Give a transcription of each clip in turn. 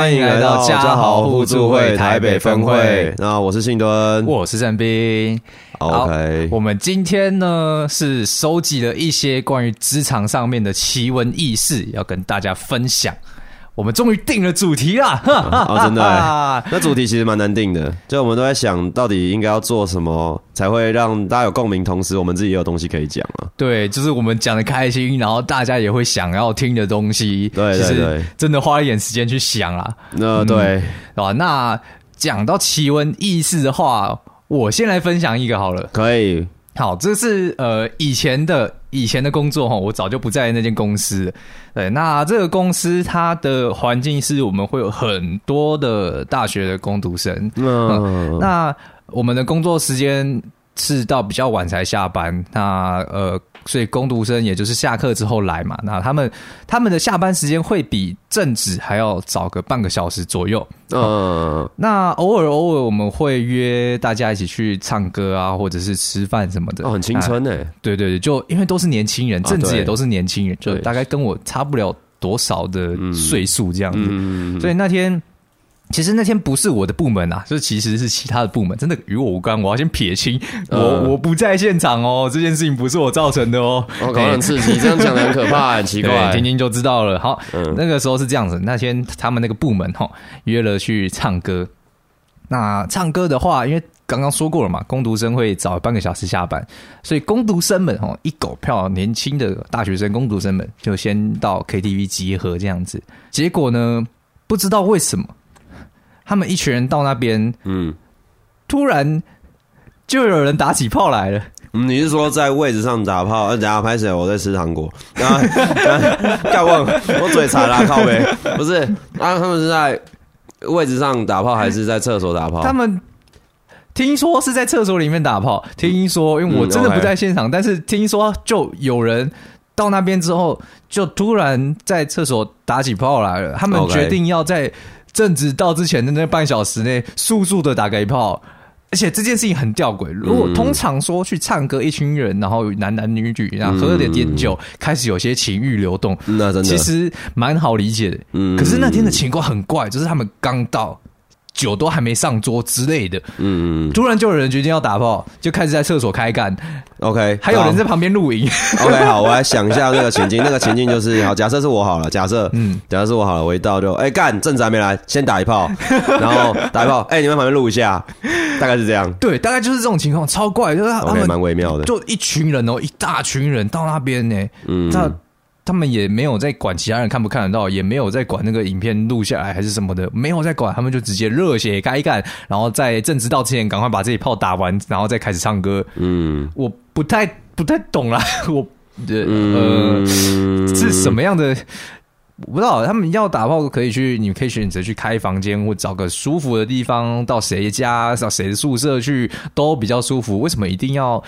歡迎來到家豪互助會台北分會。那我是信敦，我，我是鄭斌。OK，好，我們今天呢是收集了一些關於職場上面的奇聞異事，要跟大家分享。我們終於定了主題了啊，真的。那主題其實蠻難定的，就我們都在想，到底應該要做什麼才會讓大家有共鳴，同時我們自己也有東西可以講啊。對，就是我們講得開心，然後大家也會想要聽的東西。對對對，真的花一點時間去想啦。那、呃、對、嗯，那講到奇聞軼事的話，我先來分享一個好了。可以。好，這是呃以前的。以前的工作哈，我早就不在那間公司了。對，那這個公司它的環境是我們會有很多的大學的工讀生。嗯，那我們的工作時間是到比較晚才下班。那呃。所以工讀生也就是下課之後來嘛，那他們他們的下班時間會比正職還要早個半個小時左右。嗯，哦、那偶爾偶爾我們會約大家一起去唱歌啊，或者是吃飯什麼的。哦，很青春呢，欸啊，對對對，就因為都是年輕人，正職也都是年輕人，啊，就大概跟我差不了多少的歲數這樣子，嗯嗯。所以那天。其實那天不是我的部門啊，就其實是其他的部門，真的與我無關。我要先撇清，嗯、我我不在現場哦，這件事情不是我造成的哦。我搞得很刺激，欸、這樣講很可怕、欸，很 奇怪、欸，聽聽就知道了。好、嗯，那個時候是這樣子，那天他們那個部門哈、哦、約了去唱歌。那唱歌的話，因為剛剛說過了嘛，工讀生會早半個小時下班，所以工讀生們哦一狗票年輕的大學生工讀生們就先到 KTV 集合這樣子。結果呢，不知道為什麼。他們一群人到那邊，嗯，突然就有人打起炮來了，嗯。你是說在位置上打炮、啊？等下拍誰？我在吃糖果。幹、啊、要、 啊、我嘴饞拉、啊、靠北，不是、啊、他們是在位置上打炮，還是在廁所打炮？他們聽說是在廁所裡面打炮。聽說，因為我真的不在現場，嗯，但是聽說，就有人到那邊之後，就突然在廁所打起炮來了。他們決定要在。正值到之前的那半小時內，速速的打個一炮，而且這件事情很吊詭。如果通常說去唱歌，一群人，然後男男女女，然後喝了點點酒，開始有些情欲流動，那真的其實蠻好理解的。可是那天的情況很怪，就是他們剛到。酒都還沒上桌之類的，嗯，嗯，嗯，突然就有人決定要打炮，就開始在廁所開幹。OK，還有人在旁邊露營。OK，好，我來想一下那個情境， 那個情境就是，好，假設是我好了，假設，嗯，假設是我好了，我一到就，哎、欸，幹，正還沒來，先打一炮，然後打一炮，哎、 欸，你們旁邊錄一下，大概是這樣，對，大概就是這種情況，超怪，就是他蠻、okay, 微妙的，就一群人哦，一大群人到那邊呢，嗯，那。他們也沒有在管其他人看不看得到，也沒有在管那個影片錄下來還是什麼的，沒有在管，他們就直接熱血開幹，然後在正直到之前，趕快把這一炮打完，然後再開始唱歌。嗯，我不太不太懂啦。我呃、嗯、是什麼樣的，我不知道。他們要打炮可以去，你可以選擇去開房間或找個舒服的地方，到誰家到誰的宿舍去都比較舒服。為什麼一定要？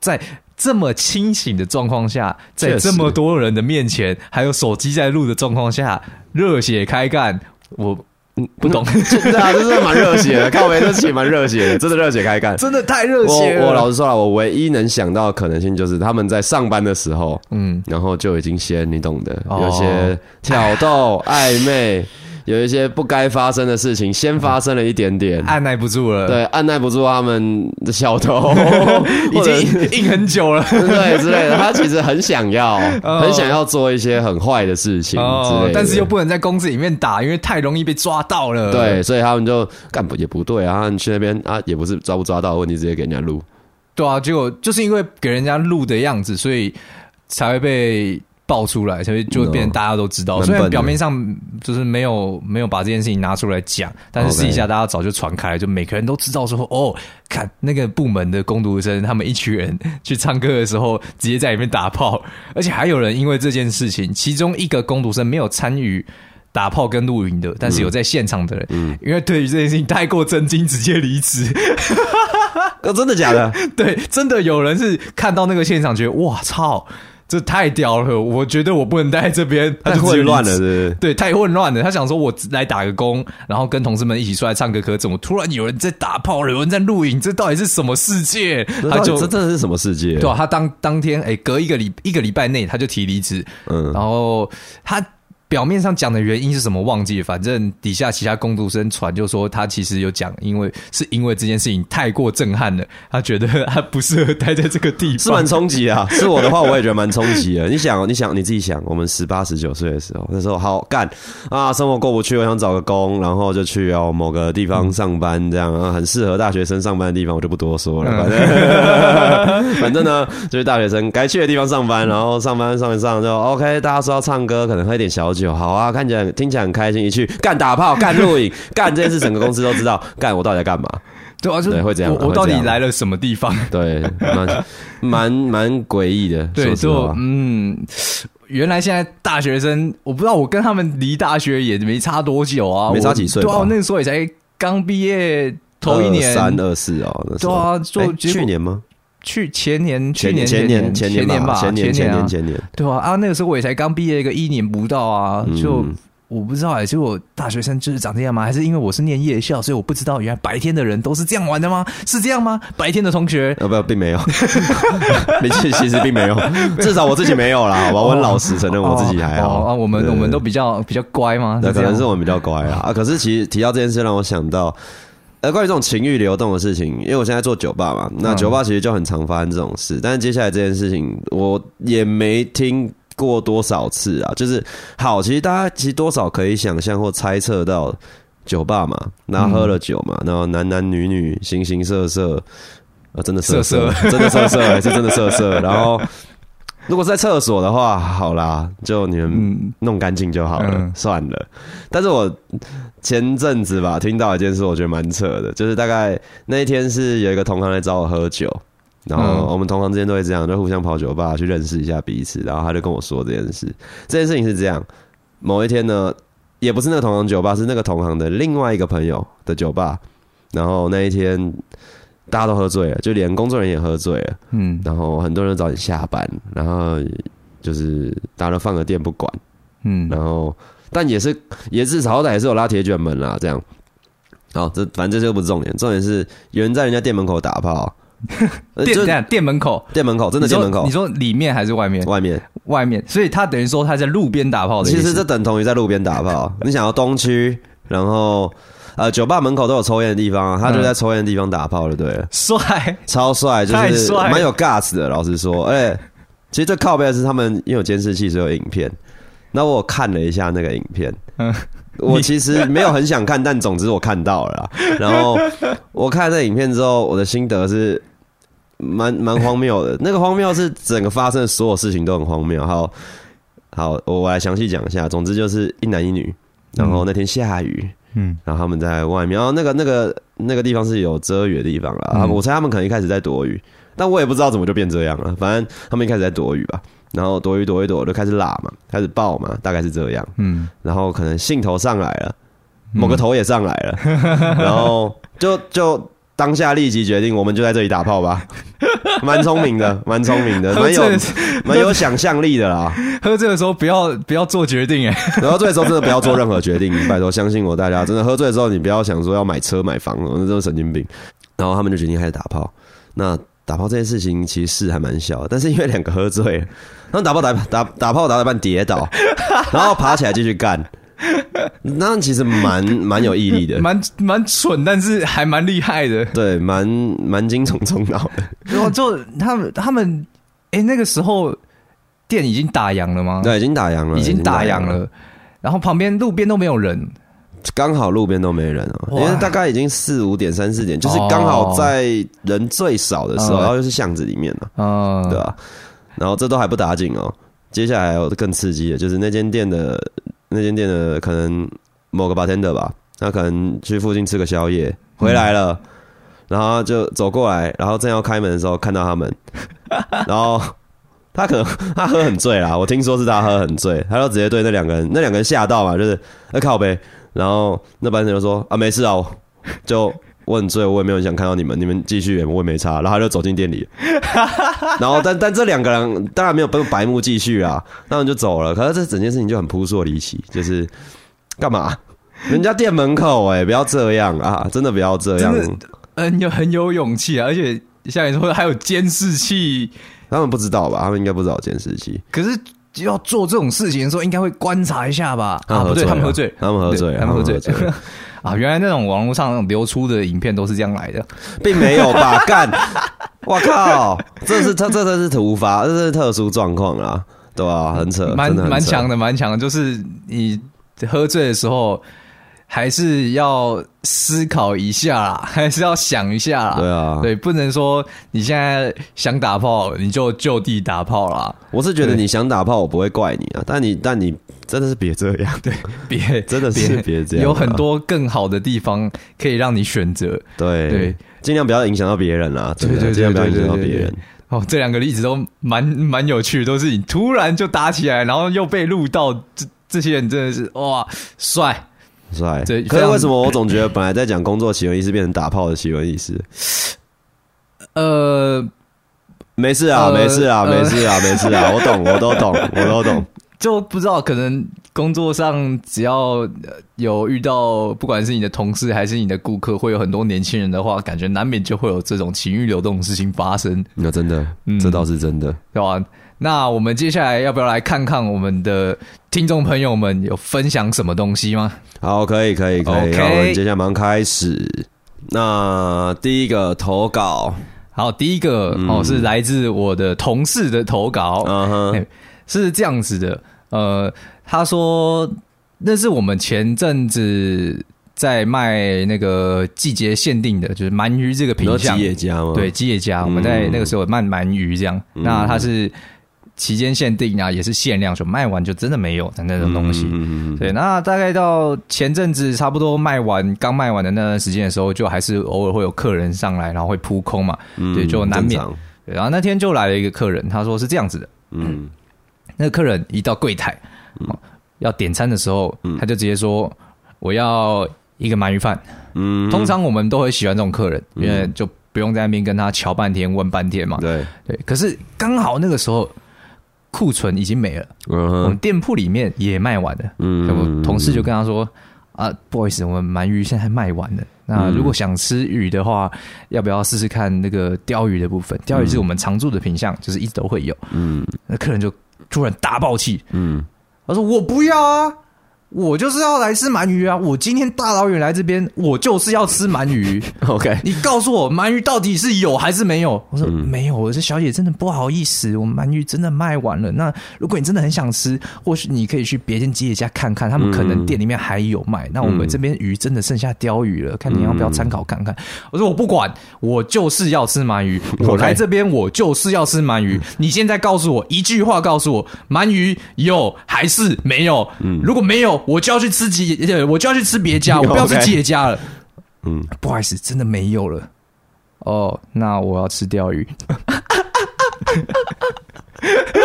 在這麼清醒的狀況下，在這麼多人的面前，還有手機在錄的狀況下，熱血開幹，我嗯不懂，真、嗯、的，真、嗯啊就是蠻熱血的，靠圍都是蠻熱血，的，真的熱血開幹，真的太熱血了我。我老實說啊，我唯一能想到的可能性就是他們在上班的時候，嗯，然後就已經先你懂的，有些、哦、挑逗曖、啊、昧。有一些不該發生的事情，先發生了一點點，嗯、按捺不住了。對，按捺不住他們的小偷， 已經硬，硬很久了， 對之類的。他其實很想要，哦、很想要做一些很壞的事情之類的，哦，但是又不能在公司裡面打，因為太容易被抓到了。對，所以他們就幹不也不對啊，你去那邊啊，也不是抓不抓到的問題，直接給人家錄。對啊，結果就是因為給人家錄的樣子，所以才會被。爆出來，所以就變成大家都知道。嗯哦、雖然表面上就是沒有沒有把這件事情拿出來講，但是私底下大家早就傳開了，okay. 就每個人都知道說哦，看那個部門的工讀生，他們一群人去唱歌的時候，直接在裡面打炮，而且還有人因為這件事情，其中一個工讀生沒有參與打炮跟露營的，但是有在現場的人，嗯嗯、因為對於這件事情太過震驚，直接離職、 哦。真的假的？對，真的有人是看到那個現場，覺得哇操！這太屌了！我覺得我不能待在這邊，太混亂了是不是？對，太混亂了。他想說，我來打個工，然後跟同事們一起出來唱個歌，可怎麼突然有人在打炮了，有人在錄影？這到底是什麼世界？他就這這是什麼世界啊？對啊，他當當天欸，隔一個禮一個禮拜內他就提離職。嗯，然後他。表面上講的原因是什麼？忘記，反正底下其他工讀生傳就說他其實有講，因為是因為這件事情太過震撼了，他覺得他不適合待在這個地方。是蠻衝擊啊。是我的話，我也覺得蠻衝擊的。 你想，你想，你自己想，我們十八十九歲的時候，那時候好幹啊，生活過不去，我想找個工，然後就去哦、啊、某個地方上班，這樣啊，很適合大學生上班的地方，我就不多說了。嗯、反正， 反正呢，就是大學生該去的地方上班，然後上班上一上就 OK。大家說要唱歌，可能喝一點小酒。就好啊，看起來聽起來很開心。一去幹打炮、幹錄影、幹這件事，整個公司都知道。幹 我到底在幹嘛？對啊，就對會這樣。我，我到底、啊、來了什麼地方？對，蠻蠻蠻詭異的。對，說實話，嗯，原來現在大學生，我不知道我跟他們離大學也沒差多久啊，沒差幾歲。對啊，那時候也才剛畢業頭一年，二三二四哦。對啊，就、欸、去年嗎？去前年，前，前年，前年，前年，前年吧，前年、啊，前年，前年、啊，對啊。啊，那個時候我也才剛畢業一個一年不到啊，嗯、就我不知道、欸，還是我大學生就是長這樣嗎？還是因為我是念夜校，所以我不知道原來白天的人都是這樣玩的嗎？是這樣嗎？白天的同學啊，不、啊，並沒有，沒 其實並沒有， 至少我自己沒有啦。我要我老實承認我自己還好、哦哦哦哦、啊。我們我們都比較比較乖嗎？那可能是我們比較乖啊。啊，可是其實提到這件事，讓我想到。呃，關於這種情欲流動的事情，因為我現在在做酒吧嘛，那酒吧其實就很常發生這種事，嗯。但是接下來這件事情，我也沒聽過多少次啊。就是好，其實大家其實多少可以想象或猜測到酒吧嘛，然後喝了酒嘛，嗯、然後男男女女形形色色，呃、啊，真的色色，色色，真的色色 還是真的色色。然後如果是在廁所的話，好啦，就你們弄乾淨就好了，嗯，算了。但是我。前陣子吧，聽到一件事，我覺得蠻扯的，就是大概那一天是有一個同行來找我喝酒，然後我們同行之間都會這樣，就互相跑酒吧去認識一下彼此。然後他就跟我說這件事，這件事情是這樣：某一天呢，也不是那個同行酒吧，是那個同行的另外一個朋友的酒吧。然後那一天大家都喝醉了，就連工作人員也喝醉了，嗯。然後很多人都早點下班，然後就是大家都放了店不管，嗯。然後。但也是，也是好歹也是有拉鐵捲門啦，這樣。好、哦，這反正這些不是重點，重點是有人在人家店門口打炮。 就這樣，店門口，店門口，真的店門口。你說裡面還是外面？外面，外面。所以他等於說他在路邊打炮。其實這等同於在路邊打炮。 你想要東區，然後呃酒吧門口都有抽菸的地方、啊，他就在抽菸的地方打炮了。對、嗯，帥，超帥，就是蠻有尬 a 的。老實說，哎，其實這靠背的是他們因為有監視器，以有影片。那我看了一下那個影片，嗯，我其實沒有很想看， 但總之我看到了。然後我看那影片之後，我的心得是蠻蠻荒謬的。那個荒謬是整個發生的所有事情都很荒謬。好，好，我來詳細講一下。總之就是一男一女，然後那天下雨，嗯，然後他們在外面，然後那個那個那個地方是有遮雨的地方了、嗯。我猜他們可能一開始在躲雨，但我也不知道怎麼就變這樣了。反正他們一開始在躲雨吧。然後躲一躲一躲，就開始拉嘛，開始爆嘛，大概是這樣。嗯，然後可能興頭上來了，某個頭也上來了，然後就就當下立即決定，我們就在這裡打炮吧，蠻聰明的，蠻聰明的，蠻有蠻有想象力的啦。喝醉的時候不要不要做決定哎，喝醉的時候真的不要做任何決定，拜託，相信我，大家真的喝醉的時候，你不要想說要買車買房，那都是神經病。然後他們就決定開始打炮。那打炮這件事情其實是還蠻小，但是因為兩個喝醉。然後打炮打打打炮打到一半跌倒，然後爬起來繼續幹。那其實蠻蠻有毅力的，蠻蠻蠢，但是還蠻厲害的。對，蠻蠻精蟲衝腦的。然 後、哦、就他們他們，哎、欸，那個時候店已經打烊了嗎？對，已經打烊了，已經打烊了。烊了然後旁邊路邊都沒有人，剛好路邊都沒人了，因為、欸、大概已經四五點三四點，就是剛好在人最少的時候，哦、然後又是巷子裡面了。嗯、哦，對吧、啊？然後這都還不打緊哦，接下來是更刺激的，就是那間店的那間店的可能某個 bartender 吧，那可能去附近吃個宵夜回來了、嗯，然後就走過來，然後正要開門的時候看到他們，然後他可能他喝很醉啦，我聽說是他喝很醉，他就直接對那兩個人，那兩個人嚇到嘛，就是哎、啊、靠北，然後那班人就說啊沒事啊、哦，就。我很醉，我也沒有想看到你們，你們繼續，我也沒差。然後他就走進店裡， 然後但但這兩個人當然沒有被白目繼續啊，那我們就走了。可是這整件事情就很撲朔離奇，就是幹嘛？人家店門口哎、欸，不要這樣啊！真的不要這樣。很、嗯、很有勇氣啊，而且像你說的還有監視器，他們不知道吧？他們應該不知道監視器。可是要做這種事情的時候，應該會觀察一下吧？啊，啊啊不對，他們喝醉、啊，他們喝醉、啊，他們喝醉、啊。 啊，原來那種網絡上流出的影片都是這樣來的，並沒有吧？幹， 我靠，這是他，這是突發，這是特殊狀況啊，對吧、啊？很扯，蠻蠻強的，蠻強的，就是你喝醉的時候。還是要思考一下啦，還是要想一下啦。對啊，對，不能說你現在想打炮你就就地打炮啦。我是覺得你想打炮，我不會怪你啊。但你但你真的是別這樣，對，別真的是別這樣。有很多更好的地方可以讓你選擇。對對，盡量不要影響到別人啦，對對，盡量不要影響到別人。哦，這兩個例子都蠻蠻有趣的，都是你突然就打起來，然後又被錄到這這些人，真的是哇帥。很帥，對，可是為什麼我總覺得本來在講工作奇聞、軼事，變成打炮的奇聞軼事，呃、啊？呃，沒事啊，沒事啊，呃、沒事啊，沒事啊， 我懂，我都懂，我都懂。就不知道，可能工作上只要有遇到，不管是你的同事還是你的顧客，會有很多年輕人的話，感覺難免就會有這種情欲流動的事情發生。那真的，嗯、這倒是真的，對吧？那我們接下來要不要來看看我們的聽眾朋友們有分享什麼東西嗎？好，可以，可以，可以。Okay. 我們接下來馬上開始。那第一個投稿，好，第一個、嗯、哦，是來自我的同事的投稿，嗯、uh -huh. 欸、是這樣子的。呃，他說那是我們前陣子在賣那個季節限定的，就是鰻魚這個品。吉野家嘛，對，吉野家，我們在那個時候賣鰻魚這樣。嗯、那他是。期間限定啊，也是限量，就賣完就真的沒有的那種東西、嗯嗯嗯。對，那大概到前陣子差不多賣完，剛賣完的那段時間的時候，就還是偶爾會有客人上來，然後會撲空嘛、嗯。對，就難免。對，然後那天就來了一個客人，他說是這樣子的。嗯，那個客人一到櫃檯、嗯，要點餐的時候，嗯、他就直接說：“嗯、我要一個鰻魚飯。”嗯，通常我們都會喜歡這種客人，嗯、因為就不用在那邊跟他喬半天、問半天嘛。對對，可是剛好那個時候。庫存已經沒了，uh -huh. 我們店鋪裡面也賣完了。Uh -huh. 我同事就跟他說：“ uh -huh. 啊，不好意思，我們鰻魚現在賣完了。那如果想吃魚的話，uh -huh. 要不要試試看那個鯛魚的部分？鯛魚是我們常駐的品項，uh -huh. 就是一直都會有。”嗯，那客人就突然大爆氣。嗯、uh -huh.，他說：“我不要啊！”我就是要來吃鰻魚啊！我今天大老遠來這邊，我就是要吃鰻魚。 OK，你告訴我鰻魚到底是有還是沒有？我說、嗯、沒有。我說小姐，真的不好意思，我們鰻魚真的賣完了。那如果你真的很想吃，或許你可以去別間吉野家看看，他們可能店裡面還有賣。嗯嗯。那我們這邊魚真的剩下鯛魚了，看你要不要參考看看。嗯嗯。我說我不管，我就是要吃鰻魚。我來這邊，我就是要吃鰻魚。你現在告訴我一句話，告，告訴我鰻魚有還是沒有？嗯，如果沒有。我就要去吃吉野，我就要去吃別家，okay. 我不要吃吉野家了。嗯，不好意思，真的沒有了。哦、oh，那我要吃釣魚。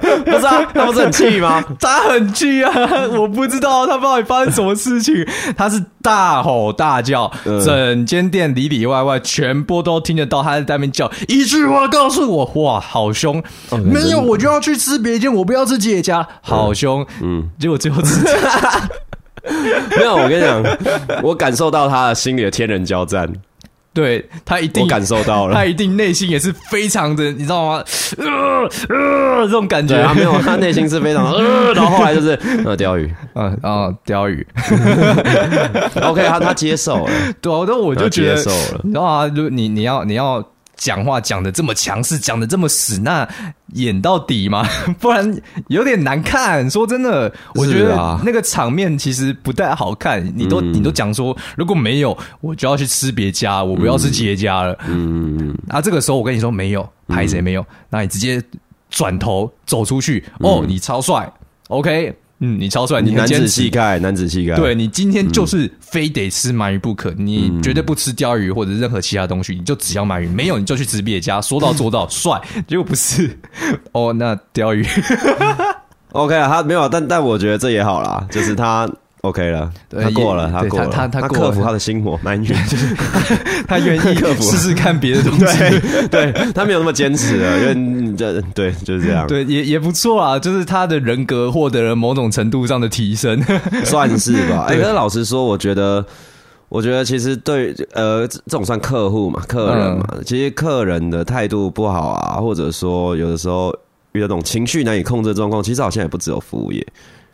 不是啊，他不是很氣嗎？他很氣啊！我不知道他到底發生什麼事情。他是大吼大叫，嗯、整間店裡裡外外全部都聽得到，他在那邊叫。一句話告訴我，哇，好凶！啊、沒有、嗯，我就要去吃別家，我不要吃姐姐家，好凶！嗯，結果最後吃姐姐家。嗯、 沒有，我跟你講，我感受到他的心裡的天人交戰。對，他一定感受到了，他一定內心也是非常的，你知道嗎？呃呃，這種感覺，啊、沒有，他內心是非常呃 然後後來就是釣、 呃呃、魚，然後釣魚。OK，他他接受了，對， 我就覺得，他接受了。啊， 就你你要你要講話講的這麼強勢，講的這麼死，那。演到底嘛，不然有點難看。說真的，我覺得那個場面其實不太好看。啊、你都、嗯、你都講說，如果沒有，我就要去吃別家，我不要吃企業家了。嗯，啊，這個時候我跟你說沒有，拍誰沒有？嗯、那你直接轉頭走出去，嗯、哦，你超帥、嗯，OK。嗯，你超帥！你男子氣概，男子氣概。對，概對你今天就是非得吃鰻魚不可，嗯，你絕對不吃鯛魚或者任何其他東西，嗯，你就只要鰻魚。沒有你就去吉野家，說到做到帥，帥。 結果不是哦，那鯛魚。 OK 啊，他沒有，但但我覺得這也好啦，就是他。OK 了對，他過了，他過了，他他克服他的心魔蠻遠的，他就是他， 他願意克服，試試看別的東西。對，對，對 他沒有那麼堅持了， 因為這對就是這樣。對，也也不錯啊，就是他的人格獲得了某種程度上的提升， 算是吧。哎，跟、欸、老實說，我覺得，我覺得其實對，呃，這種算客戶嘛，客人嘛，嗯、其實客人的態度不好啊，或者說有的時候遇到這種情緒難以控制的狀況，其實好像也不只有服務業。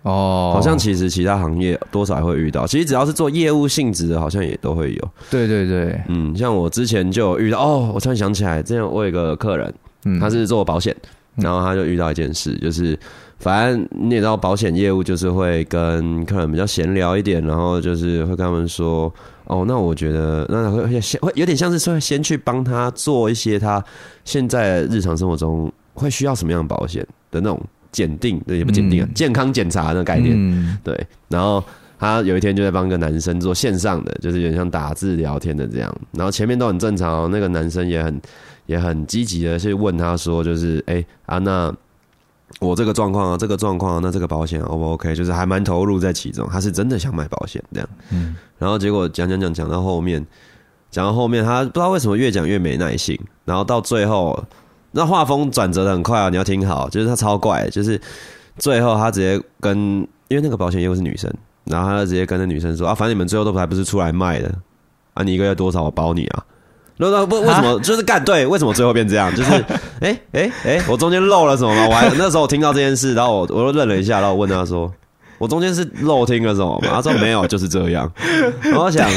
哦、oh，好像其實其他行業多少還會遇到，其實只要是做業務性質的，好像也都會有。對對對，嗯，像我之前就遇到，哦，我突然想起來，之前我有一個客人，嗯、他是做保險，然後他就遇到一件事，嗯、就是反正你也知道，保險業務就是會跟客人比較閒聊一點，然後就是會跟他們說，哦，那我覺得，那會會有點像是說，先去幫他做一些他現在的日常生活中會需要什麼樣的保險的那種。檢定，那也不檢定啊，嗯、健康檢查的那個概念，嗯、對。然後他有一天就在幫一個男生做線上的，就是有點像打字聊天的這樣。然後前面都很正常，哦，那個男生也很也很積極的去問他說，就是哎、欸，啊，那我這個狀況、啊，這個狀況、啊，那這個保險 O 不 OK？就是還蠻投入在其中，他是真的想買保險這樣。嗯。然後結果講講講講到後面，講到後面他不知道為什麼越講越沒耐心，然後到最後。那畫風轉折得很快啊，你要聽好，就是他超怪的，就是最後他直接跟，因為那個保險業務是女生，然後他直接跟那女生說啊，反正你們最後都不還不是出來賣的，啊，你一個月多少，我包你啊。那那為為什麼就是幹對，為什麼最後變這樣？就是哎哎哎，我中間漏了什麼嗎？我還，那時候我聽到這件事，然後我我又愣了一下，然後我問他說，我中間是漏聽了什麼嗎？他說沒有，就是這樣。然後我想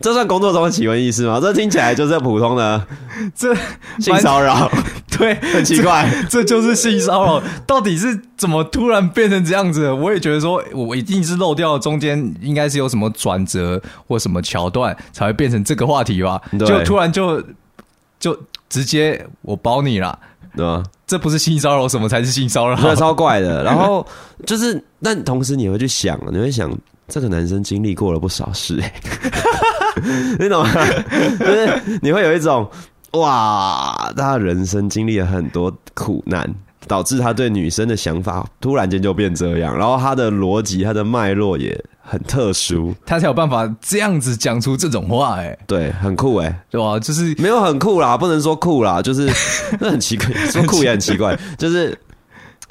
這算工作中的奇聞軼事嗎？這聽起來就是普通的，這性騷擾， 對，很奇怪這，這就是性騷擾。 到底是怎麼突然變成這樣子的？我也覺得說，我一定是漏掉了中間，應該是有什麼轉折或什麼橋段才會變成這個話題吧。就突然就就直接我包你了，對吧？這不是性騷擾，什麼才是性騷擾？超怪的。然後就是， 但同時你會去想，你會想這個男生經歷過了不少事。那 種就是你會有一種哇，他人生經歷了很多苦難，導致他對女生的想法突然間就變這樣，然後他的邏輯、他的脈絡也很特殊，他才有辦法這樣子講出這種話。欸。哎，對，很酷。欸，哎，對吧？啊？就是沒有很酷啦，不能說酷啦，就是那很奇怪， 說酷也很奇怪，就是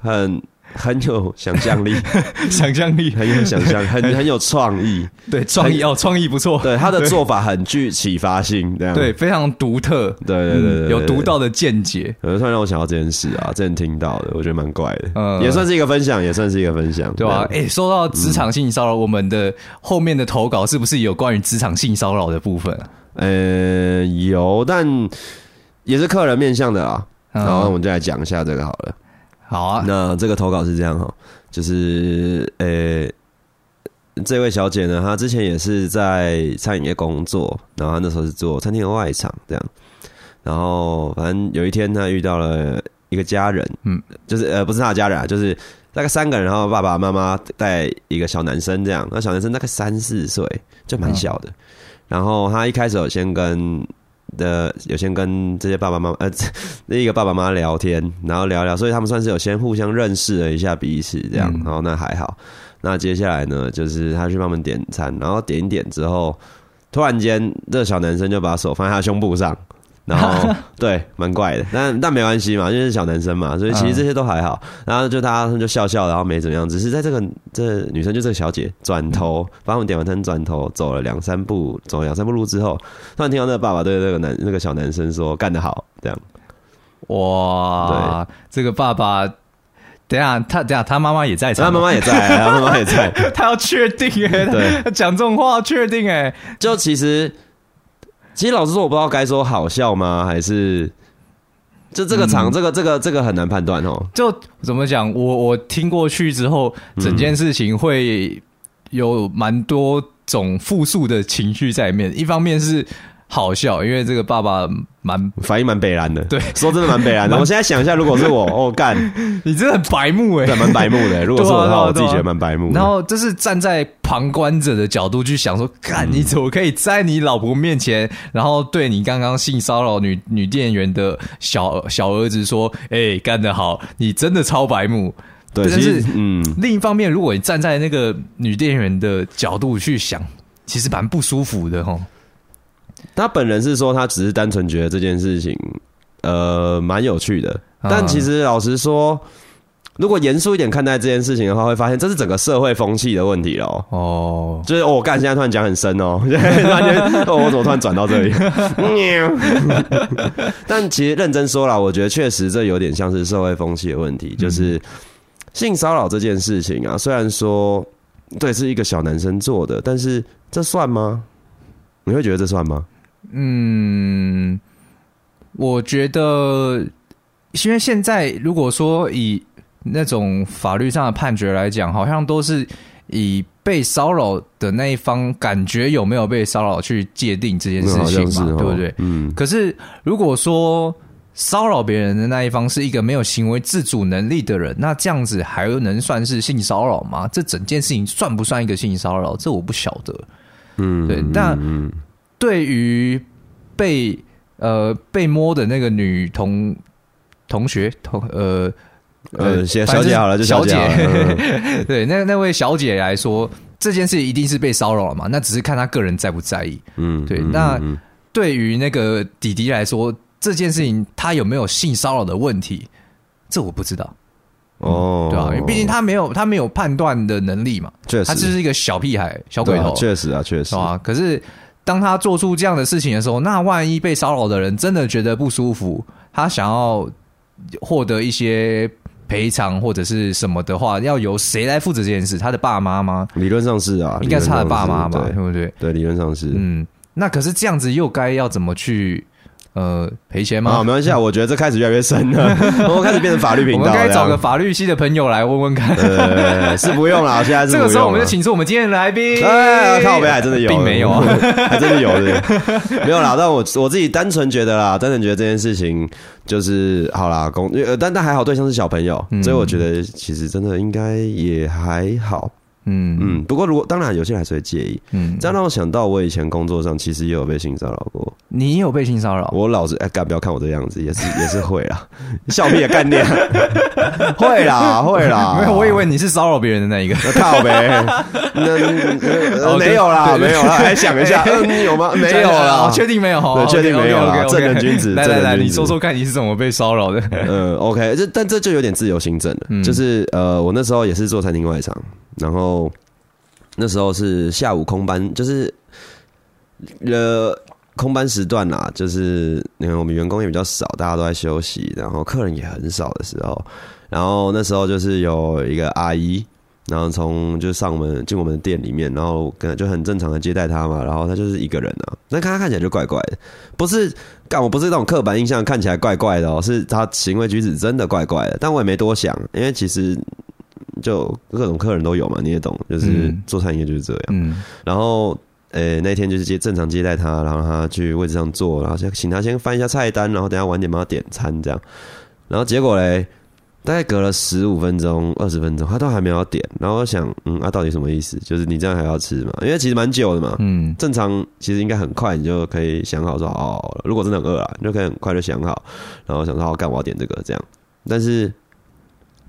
很。很有想象力， 想象力很有想象力，很很有創意，對創意哦，創意不錯。對，他的做法很具啟發性，對，非常獨特，對，對，對，對對，有獨到的見解。突、嗯、然讓我想到這件事啊，真的聽到的，我覺得蠻怪的、嗯，也算是一個分享，也算是一個分享，對吧、啊？哎、欸，說到職場性騷擾、嗯，我們的後面的投稿是不是有關於職場性騷擾的部分、啊？呃，有，但也是客人面向的啊。然、嗯、後我們就來講一下這個好了。好啊，那這個投稿是這樣哈，就是呃、欸，這位小姐呢，她之前也是在餐飲業工作，然後她那時候是做餐廳的外場這樣，然後反正有一天她遇到了一個家人，嗯，就是呃不是她的家人啊，就是大概三個人，然後爸爸媽媽帶一個小男生這樣，那小男生大概三四歲，就蠻小的，然後她一開始有先跟。的，有先跟這些爸爸媽媽呃，另一個爸爸媽媽聊天，然後聊聊，所以他們算是有先互相認識了一下彼此這樣，嗯、然後那還好。那接下來呢，就是他去幫他們點餐，然後點一點之後，突然間這小男生就把手放在他胸部上。 然後對，蠻怪的，但但沒關係嘛，因為是小男生嘛，所以其實這些都還好。嗯、然後就他，他就笑笑，然後沒怎麼樣。只是在這個這個、女生，就這個小姐，轉頭把他們點完餐，轉頭走了兩三步，走了兩三步路之後，突然聽到那個爸爸對那個男那個小男生說：“幹得好！”這樣。哇，對這個爸爸，等下他等下他媽媽也在場，他媽媽也在，他媽媽也在，他要確定哎、欸， 對他講這種話要確定哎、欸，就其實。其實老實說，我不知道該說好笑嗎？還是就這個場，這個這個這個很難判斷哦、嗯。就怎麼講，我我聽過去之後，整件事情會有蠻多種複述的情緒在裡面，一方面是。好笑，因為這個爸爸蠻反應蠻北爛的。對，說真的蠻北爛。的。我現在想一下，如果是我，我 幹、哦，你真的很白目哎，蠻白目的。如果是我的話，我自己覺得蠻白目、啊啊啊。然後就是站在旁觀者的角度去想說，說幹，你怎麼可以在你老婆面前，嗯、然後對你剛剛性騷擾女女店員的小小兒子說，哎、欸，幹得好，你真的超白目。對，對但是其實嗯，另一方面，如果你站在那個女店員的角度去想，其實蠻不舒服的吼。他本人是說，他只是單純覺得這件事情，呃，蠻有趣的。但其實老實說，如果嚴肅一點看待這件事情的話，會發現這是整個社會風氣的問題咯。哦，就是，哦，就是我剛才現在突然講很深哦， 哦，我怎麼突然轉到這裡？ 但其實認真說了，我覺得確實這有點像是社會風氣的問題。就是性騷擾這件事情啊，雖然說對是一個小男生做的，但是這算嗎？你會覺得這算嗎？嗯，我覺得，因為現在如果說以那種法律上的判決來講，好像都是以被騷擾的那一方感覺有沒有被騷擾去界定這件事情嘛，哦，對不對？嗯。可是如果說騷擾別人的那一方是一個沒有行為自主能力的人，那這樣子還能算是性騷擾嗎？這整件事情算不算一個性騷擾？這我不曉得。嗯，對。那對於被呃被摸的那個女同同學同呃呃、嗯、小姐好了，小就小姐。嗯、 對，那那位小姐來說，這件事一定是被騷擾了嘛？那只是看她個人在不在意。嗯，對。嗯、那對於那個弟弟來說，這件事情他有沒有性騷擾的問題？這我不知道。哦、嗯，對啊，因為畢竟他沒有他沒有判斷的能力嘛，確實，他只是一個小屁孩，小鬼頭，確實啊，確實啊。對啊。可是當他做出這樣的事情的時候，那萬一被騷擾的人真的覺得不舒服，他想要獲得一些賠償或者是什麼的話，要由誰來負責這件事？他的爸媽嗎？理論上是啊，是應該是他的爸媽吧，對不對？對，理論上是。嗯，那可是這樣子又該要怎麼去？呃，賠錢嗎？啊，沒關係、嗯，我覺得這開始越來越深了，我 開始變成法律頻道。我們該找個法律系的朋友來問問看。呃，是不用了，現在是。這個時候我們就請出我們今天的來賓。哎，靠北還真的有，並沒有，啊，還真的有對， 沒有啦。但我我自己單純覺得啦，單純覺得這件事情就是好啦，公呃，但但還好對象是小朋友、嗯，所以我覺得其實真的應該也還好。嗯嗯，不過如果當然，有些人還是會介意。嗯，這樣讓我想到我以前工作上其實也有被性騷擾過。你也有被性騷擾？我老是哎，幹、欸、不要看我這樣子，也是也是會啦，笑，笑屁也幹掉。 會啦，會啦。沒有，我以為你是騷擾別人的那一個。 那靠北、呃 okay, 呃，沒有啦，沒有。啦。來 想一下， 呃、你有嗎？沒有啦我確定沒有？確定沒有了、okay, okay, okay,。正人君子，來來來，你說說看你是怎麼被騷擾的？ 嗯，OK，這但這就有點自由心證了。嗯、就是呃，我那時候也是做餐廳外場。然後那時候是下午空班，就是呃空班時段啦，啊，就是你看我們員工也比較少，大家都在休息，然後客人也很少的時候，然後那時候就是有一個阿姨，然後從就上門進我們的店裡面，然後跟就很正常的接待她嘛，然後她就是一個人啊，那看她看起來就怪怪的，不是幹我不是這種刻板印象看起來怪怪的，哦，是她行為舉止真的怪怪的，但我也沒多想，因為其實。就各種客人都有嘛，你也懂，就是做餐飲就是這樣。嗯嗯、然後，哎、欸、那天就是接正常接待他，然後讓他去位置上坐，然後先請他先翻一下菜單，然後等下晚點幫他點餐這樣。然後結果嘞，大概隔了十五分鐘、二十分鐘，他都還沒有要點。然後我想，嗯，啊，到底什麼意思？就是你這樣還要吃嘛？因為其實蠻久的嘛，嗯，正常其實應該很快，你就可以想好說，好、哦，如果真的餓了，你就可以很快就想好，然後想說，好、哦，幹我要點這個這樣。但是。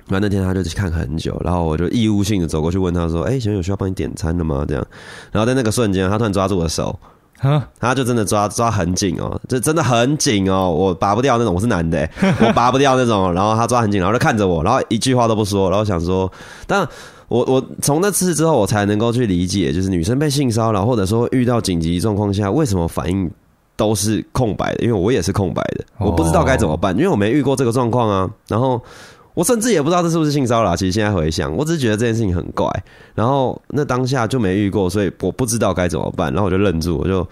然後那天他就去看很久，然後我就義務性的走過去問他說：“哎、欸，先生有需要幫你點餐的嗎？”這樣，然後在那個瞬間，他突然抓住我的手，他就真的抓抓很緊哦，就真的很緊哦，我拔不掉那種，我是男的，我拔不掉那種。然後他抓很緊，然後就看着我，然後一句話都不說，然後想說，但我我從那次之後，我才能夠去理解，就是女生被性騷擾或者說遇到緊急狀況下，為什麼反應都是空白的，因為我也是空白的，我不知道該怎麼辦，因為我沒遇過這個狀況啊，然後。我甚至也不知道這是不是性騷擾。其實現在回想，我只是覺得這件事情很怪。然後那當下就沒遇過，所以我不知道該怎麼辦。然後我就愣住，我就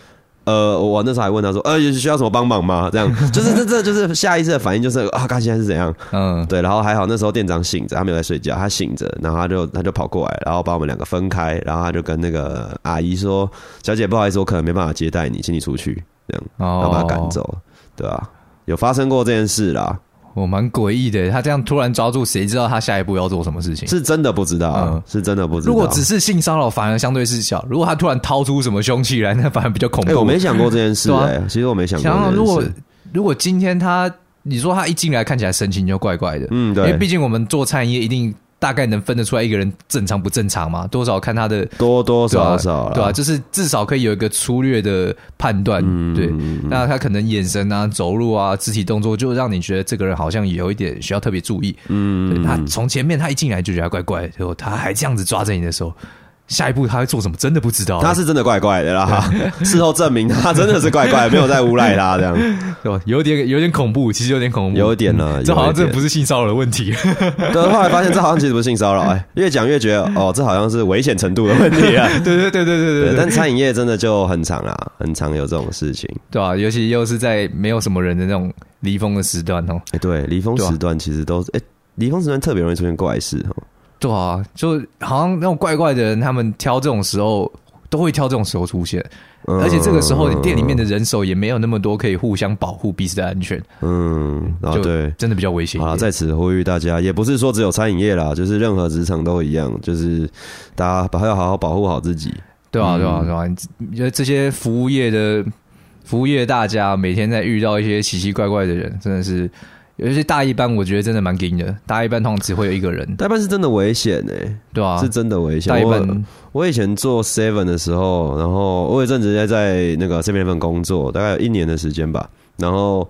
呃，我那時候還問他說：“呃，需要什麼幫忙嗎？”這樣，就是這這 就是、就是就是、下意識的反應，就是啊，看現在是怎樣。嗯，對。然後還好那時候店長醒着，他沒有在睡覺，他醒着，然後他就他就跑過來，然後把我們兩個分開，然後他就跟那個阿姨說：“小姐，不好意思，我可能沒辦法接待你，請你出去。”這樣，然後把他趕走，哦、對吧、啊？有發生過這件事啦。我蠻詭異的，他這樣突然抓住，誰知道他下一步要做什麼事情？是真的不知道，嗯、是真的不知道。如果只是性騷擾，反而相對是小；如果他突然掏出什麼兇器來，那反而比較恐怖。我沒想過這件事，哎，其實我沒想過。想到如果如果今天他，你說他一進來看起來神情就怪怪的，嗯，對，因為畢竟我們做餐飲業一定。大概能分得出來一個人正常不正常嘛？多少看他的多多少少，對吧、啊啊？就是至少可以有一個粗略的判斷、嗯嗯，對。那他可能眼神啊、走路啊、肢體動作，就讓你覺得這個人好像有一點需要特別注意。嗯，嗯對，他從前面他一進來就覺得他怪怪，最後他還這樣子抓着你的時候。下一步他會做什麼？真的不知道、欸。他是真的怪怪的啦。事後證明他真的是怪怪，沒有在誣賴他這樣對吧？有點有點恐怖，其實有點恐怖，有點呢。嗯、這好像這不是性騷擾的問題， 對。後來發現這好像其實不是性騷擾，哎，越講越覺得哦，這好像是危險程度的問題啊。對對對對對對，對。但餐飲業真的就很常啊，很常有這種事情，對吧、啊？尤其又是在沒有什麼人的那種離峰的時段哦。哎，對，離峰時段其實都哎，離峰時段特別容易出現怪事對啊，就好像那種怪怪的人，他們挑這種時候都會挑這種時候出現，嗯、而且這個時候你店裡面的人手也沒有那麼多，可以互相保護彼此的安全。嗯，然後、啊、對，真的比較危險。啊，在此呼籲大家，也不是說只有餐飲業啦，就是任何職場都一樣，就是大家還要好好保護好自己。對啊，對啊，對啊，因為、啊、這些服務業的服務業，大家每天在遇到一些奇奇怪怪的人，真的是。有些大一班，我覺得真的蠻驚的。大一班通常只會有一個人。大一班是真的危險誒、欸，對啊，是真的危險。大一班，我以前做 seven 的時候，然後我有一陣子在在那個這邊一份工作，大概有一年的時間吧。然後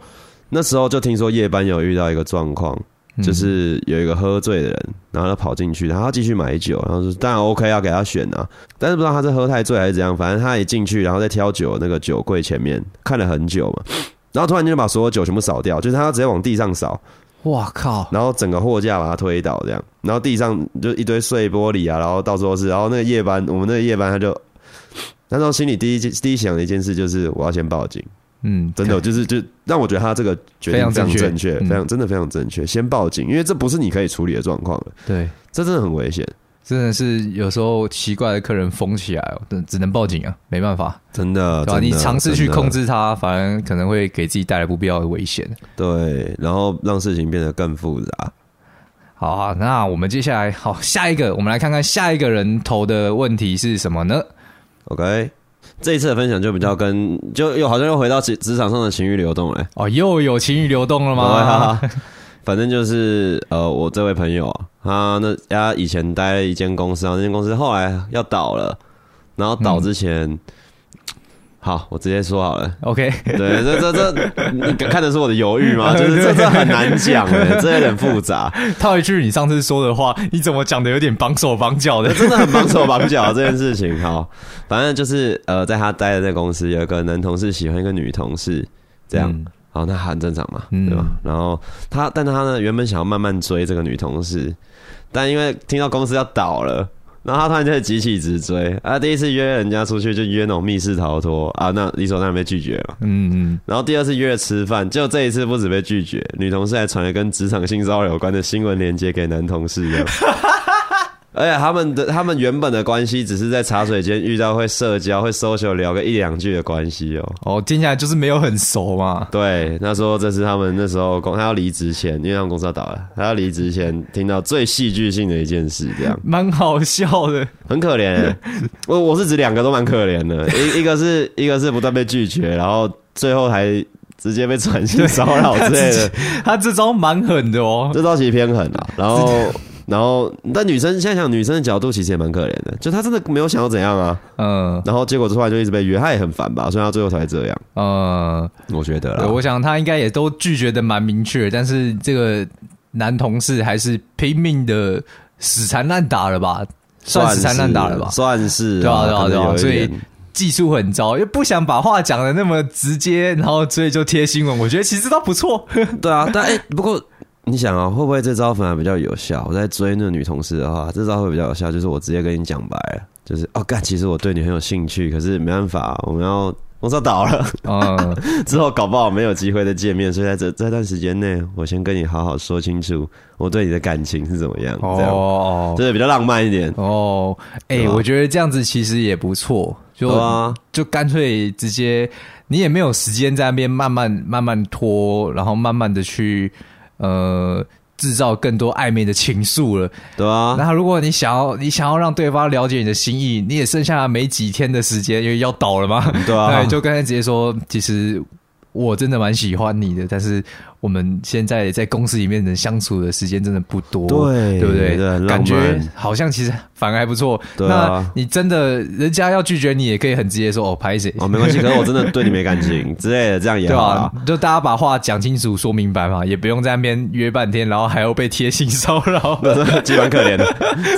那時候就聽說夜班有遇到一個狀況，就是有一個喝醉的人，然後他跑進去，然後他繼續買酒，然後就當然 OK 要給他選啊，但是不知道他是喝太醉還是怎樣，反正他一進去，然後在挑酒那個酒櫃前面看了很久嘛。然後突然間就把所有酒全部掃掉，就是他直接往地上掃，哇靠！然後整個貨架把它推倒，這樣，然後地上就是一堆碎玻璃啊，然後到處都是。然後那個夜班，我們那個夜班他就，那時候心裡第一第一想的一件事就是我要先報警，嗯，真的就是就讓我覺得他這個決定非常正確，非常正確，、嗯、非常真的非常正確，先報警，因為這不是你可以處理的狀況了，對、嗯，這真的很危險。真的是有時候奇怪的客人瘋起來，哦，只能報警啊，沒辦法，真的。對吧？你嘗試去控制他，反而可能會給自己帶來不必要的危險。對，然後讓事情變得更複雜。好，啊、那我們接下來，好下一個，我們來看看下一個人投的問題是什麼呢？OK，這一次的分享就比較跟，就又好像又回到職職場上的情緒流動了。哦，又有情緒流動了嗎？啊、 反正就是呃，我這位朋友啊。啊，那他以前待了一間公司，啊，那間公司後來要倒了，然後倒之前，嗯、好，我直接說好了，OK，對，這這這，你看得出我的猶豫嗎？嗯，就是這 這很難講的，欸， 這有點複雜。套一句你上次說的話，你怎麼講的有點綁手綁腳的？真的很綁手綁腳，啊、這件事情。好，反正就是呃，在他待的那個公司，有一個男同事喜歡一個女同事，這樣，嗯，好，那很正常嘛，嗯，對吧？然後他，但他呢，原本想要慢慢追這個女同事。但因為聽到公司要倒了，然後他突然就急起直追啊！第一次約人家出去就約那種密室逃脫啊，那理所當然被拒絕了。嗯嗯，然後第二次約了吃飯，就這一次不止被拒絕，女同事還傳了跟職場性騷擾有關的新聞鏈接給男同事。 而、欸、且他們的他們原本的關係只是在茶水間遇到會社交會 social 聊個一兩句的關係哦、喔。哦，聽起來就是沒有很熟嘛。對，他說這是他們那時候公他要離職前，因為他們公司要倒了，他要離職前聽到最戲劇性的一件事，這樣。蠻好笑的，很可憐、欸。我我是指兩個都蠻可憐的， 一一個是一個是不斷被拒絕，然後最後還直接被傳性騷擾之類的。 他這招蠻狠的哦，這招其實偏狠啊。然後。 然後，但女生現在想女生的角度，其實也蠻可憐的，就她真的沒有想要怎樣啊。嗯，然後結果之後就一直被約，她也很煩吧。所以她最後才這樣，嗯，我覺得啦。對，我想她應該也都拒絕的蠻明確，但是這個男同事還是拼命的死纏爛打了吧，算死纏爛打了吧，算是，算死纏爛打了吧，算是，對啊，算是，對啊。啊，對啊。所以技術很糟，又不想把話講的那麼直接，然後所以就貼新聞。我覺得其實倒不錯， 對啊，但哎，不過。 你想啊、哦，會不會這招反而比較有效？我在追那個女同事的話，這招會比較有效，就是我直接跟你講白，就是哦，乾、oh，其實我對你很有興趣，可是沒辦法，我們要我上倒了嗯 之後搞不好沒有機會再見面，所以在這這段時間內，我先跟你好好說清楚我對你的感情是怎麼樣。哦、oh，就，oh, 是，oh, oh. 比較浪漫一點。哦、oh, oh, oh.，哎，欸，我覺得這樣子其實也不錯，就，啊，就乾脆直接，你也沒有時間在那邊慢慢慢慢拖，然後慢慢的去。呃，製造更多曖昧的情愫了，對啊。那如果你想要，你想要讓對方了解你的心意，你也剩下了沒幾天的時間，因為要倒了嘛。對啊。就跟他直接說，其實我真的蠻喜歡你的，但是。我們現在在公司裡面能相處的時間真的不多，對，對不對，對？感覺好像其實反而還不錯。對啊、那你真的，人家要拒絕你也可以很直接說哦，拍謝哦，沒關係，可是我真的對你沒感情 之類的，這樣也對吧、啊？就大家把話講清楚、說明白嘛，也不用在那邊約半天，然後還要被貼心騷擾， 其實蠻可憐的，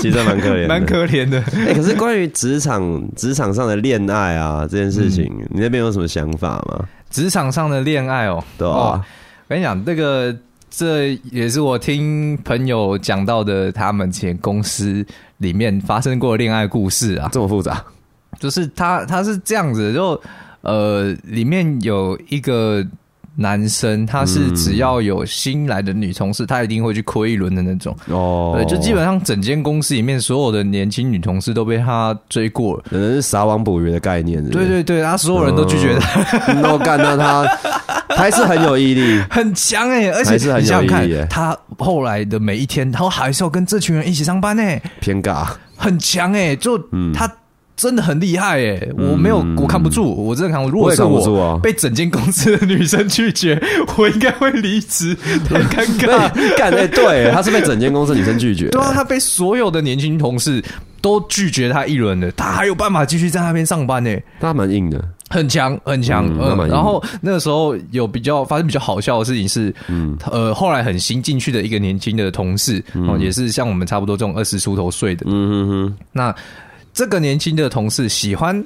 其實蠻可憐，蠻可憐的、欸。可是關於職場職場上的戀愛啊，這件事情、嗯，你那邊有什麼想法嗎？職場上的戀愛哦，對啊。哦我跟你講，那、這個這也是我聽朋友講到的，他們前公司裡面發生過戀愛故事啊，這麼複雜，就是他他是這樣子的，就呃，裡面有一個。男生他是只要有新來的女同事，嗯、他一定會去虧一輪的那種哦，對。就基本上整間公司裡面所有的年輕女同事都被他追過了，可能是撒網捕魚的概念是不是？對對對，他所有人都拒絕、嗯、 他。我到他還是很有毅力，很強哎，而且你想想看，他後來的每一天，他還是要跟這群人一起上班呢，偏尬。很強哎，就他。嗯真的很厲害哎，欸，我沒有、嗯，我看不住。我真的看不住、嗯，如果是我被整間公司的女生拒絕，我、啊、我應該會離職。很尷尬，幹！哎， 欸對，欸，他是被整間公司的女生拒絕。對啊，他被所有的年輕同事都拒絕他一輪的，他還有辦法繼續在那邊上班呢、欸。他蠻硬的，很強很強，嗯呃。然後那個時候有比較發生比較好笑的事情是，嗯、呃，後來很新進去的一個年輕的同事、嗯，也是像我們差不多這種二十出頭歲的。嗯嗯嗯，那。這個年輕的同事喜歡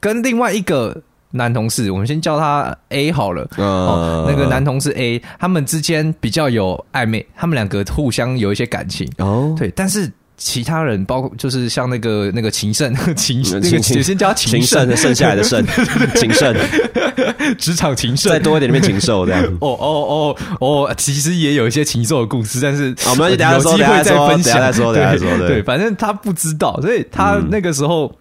跟另外一個男同事，我們先叫他 A 好了。Uh... 哦，那個男同事 A，他們之間比較有曖昧，他們兩個互相有一些感情。哦，Oh? 對，但是。其他人包括就是像那個那個情聖情那個先叫他情聖剩下來的剩，情聖職場情聖再多一點，點情，裡面禽獸這樣哦哦哦哦，oh, oh, oh, oh, oh, 其實也有一些禽獸的故事，但是、啊、我們等下說，等下再分享，等下說，等下說對對對。對，反正他不知道，所以他、嗯、那個時候。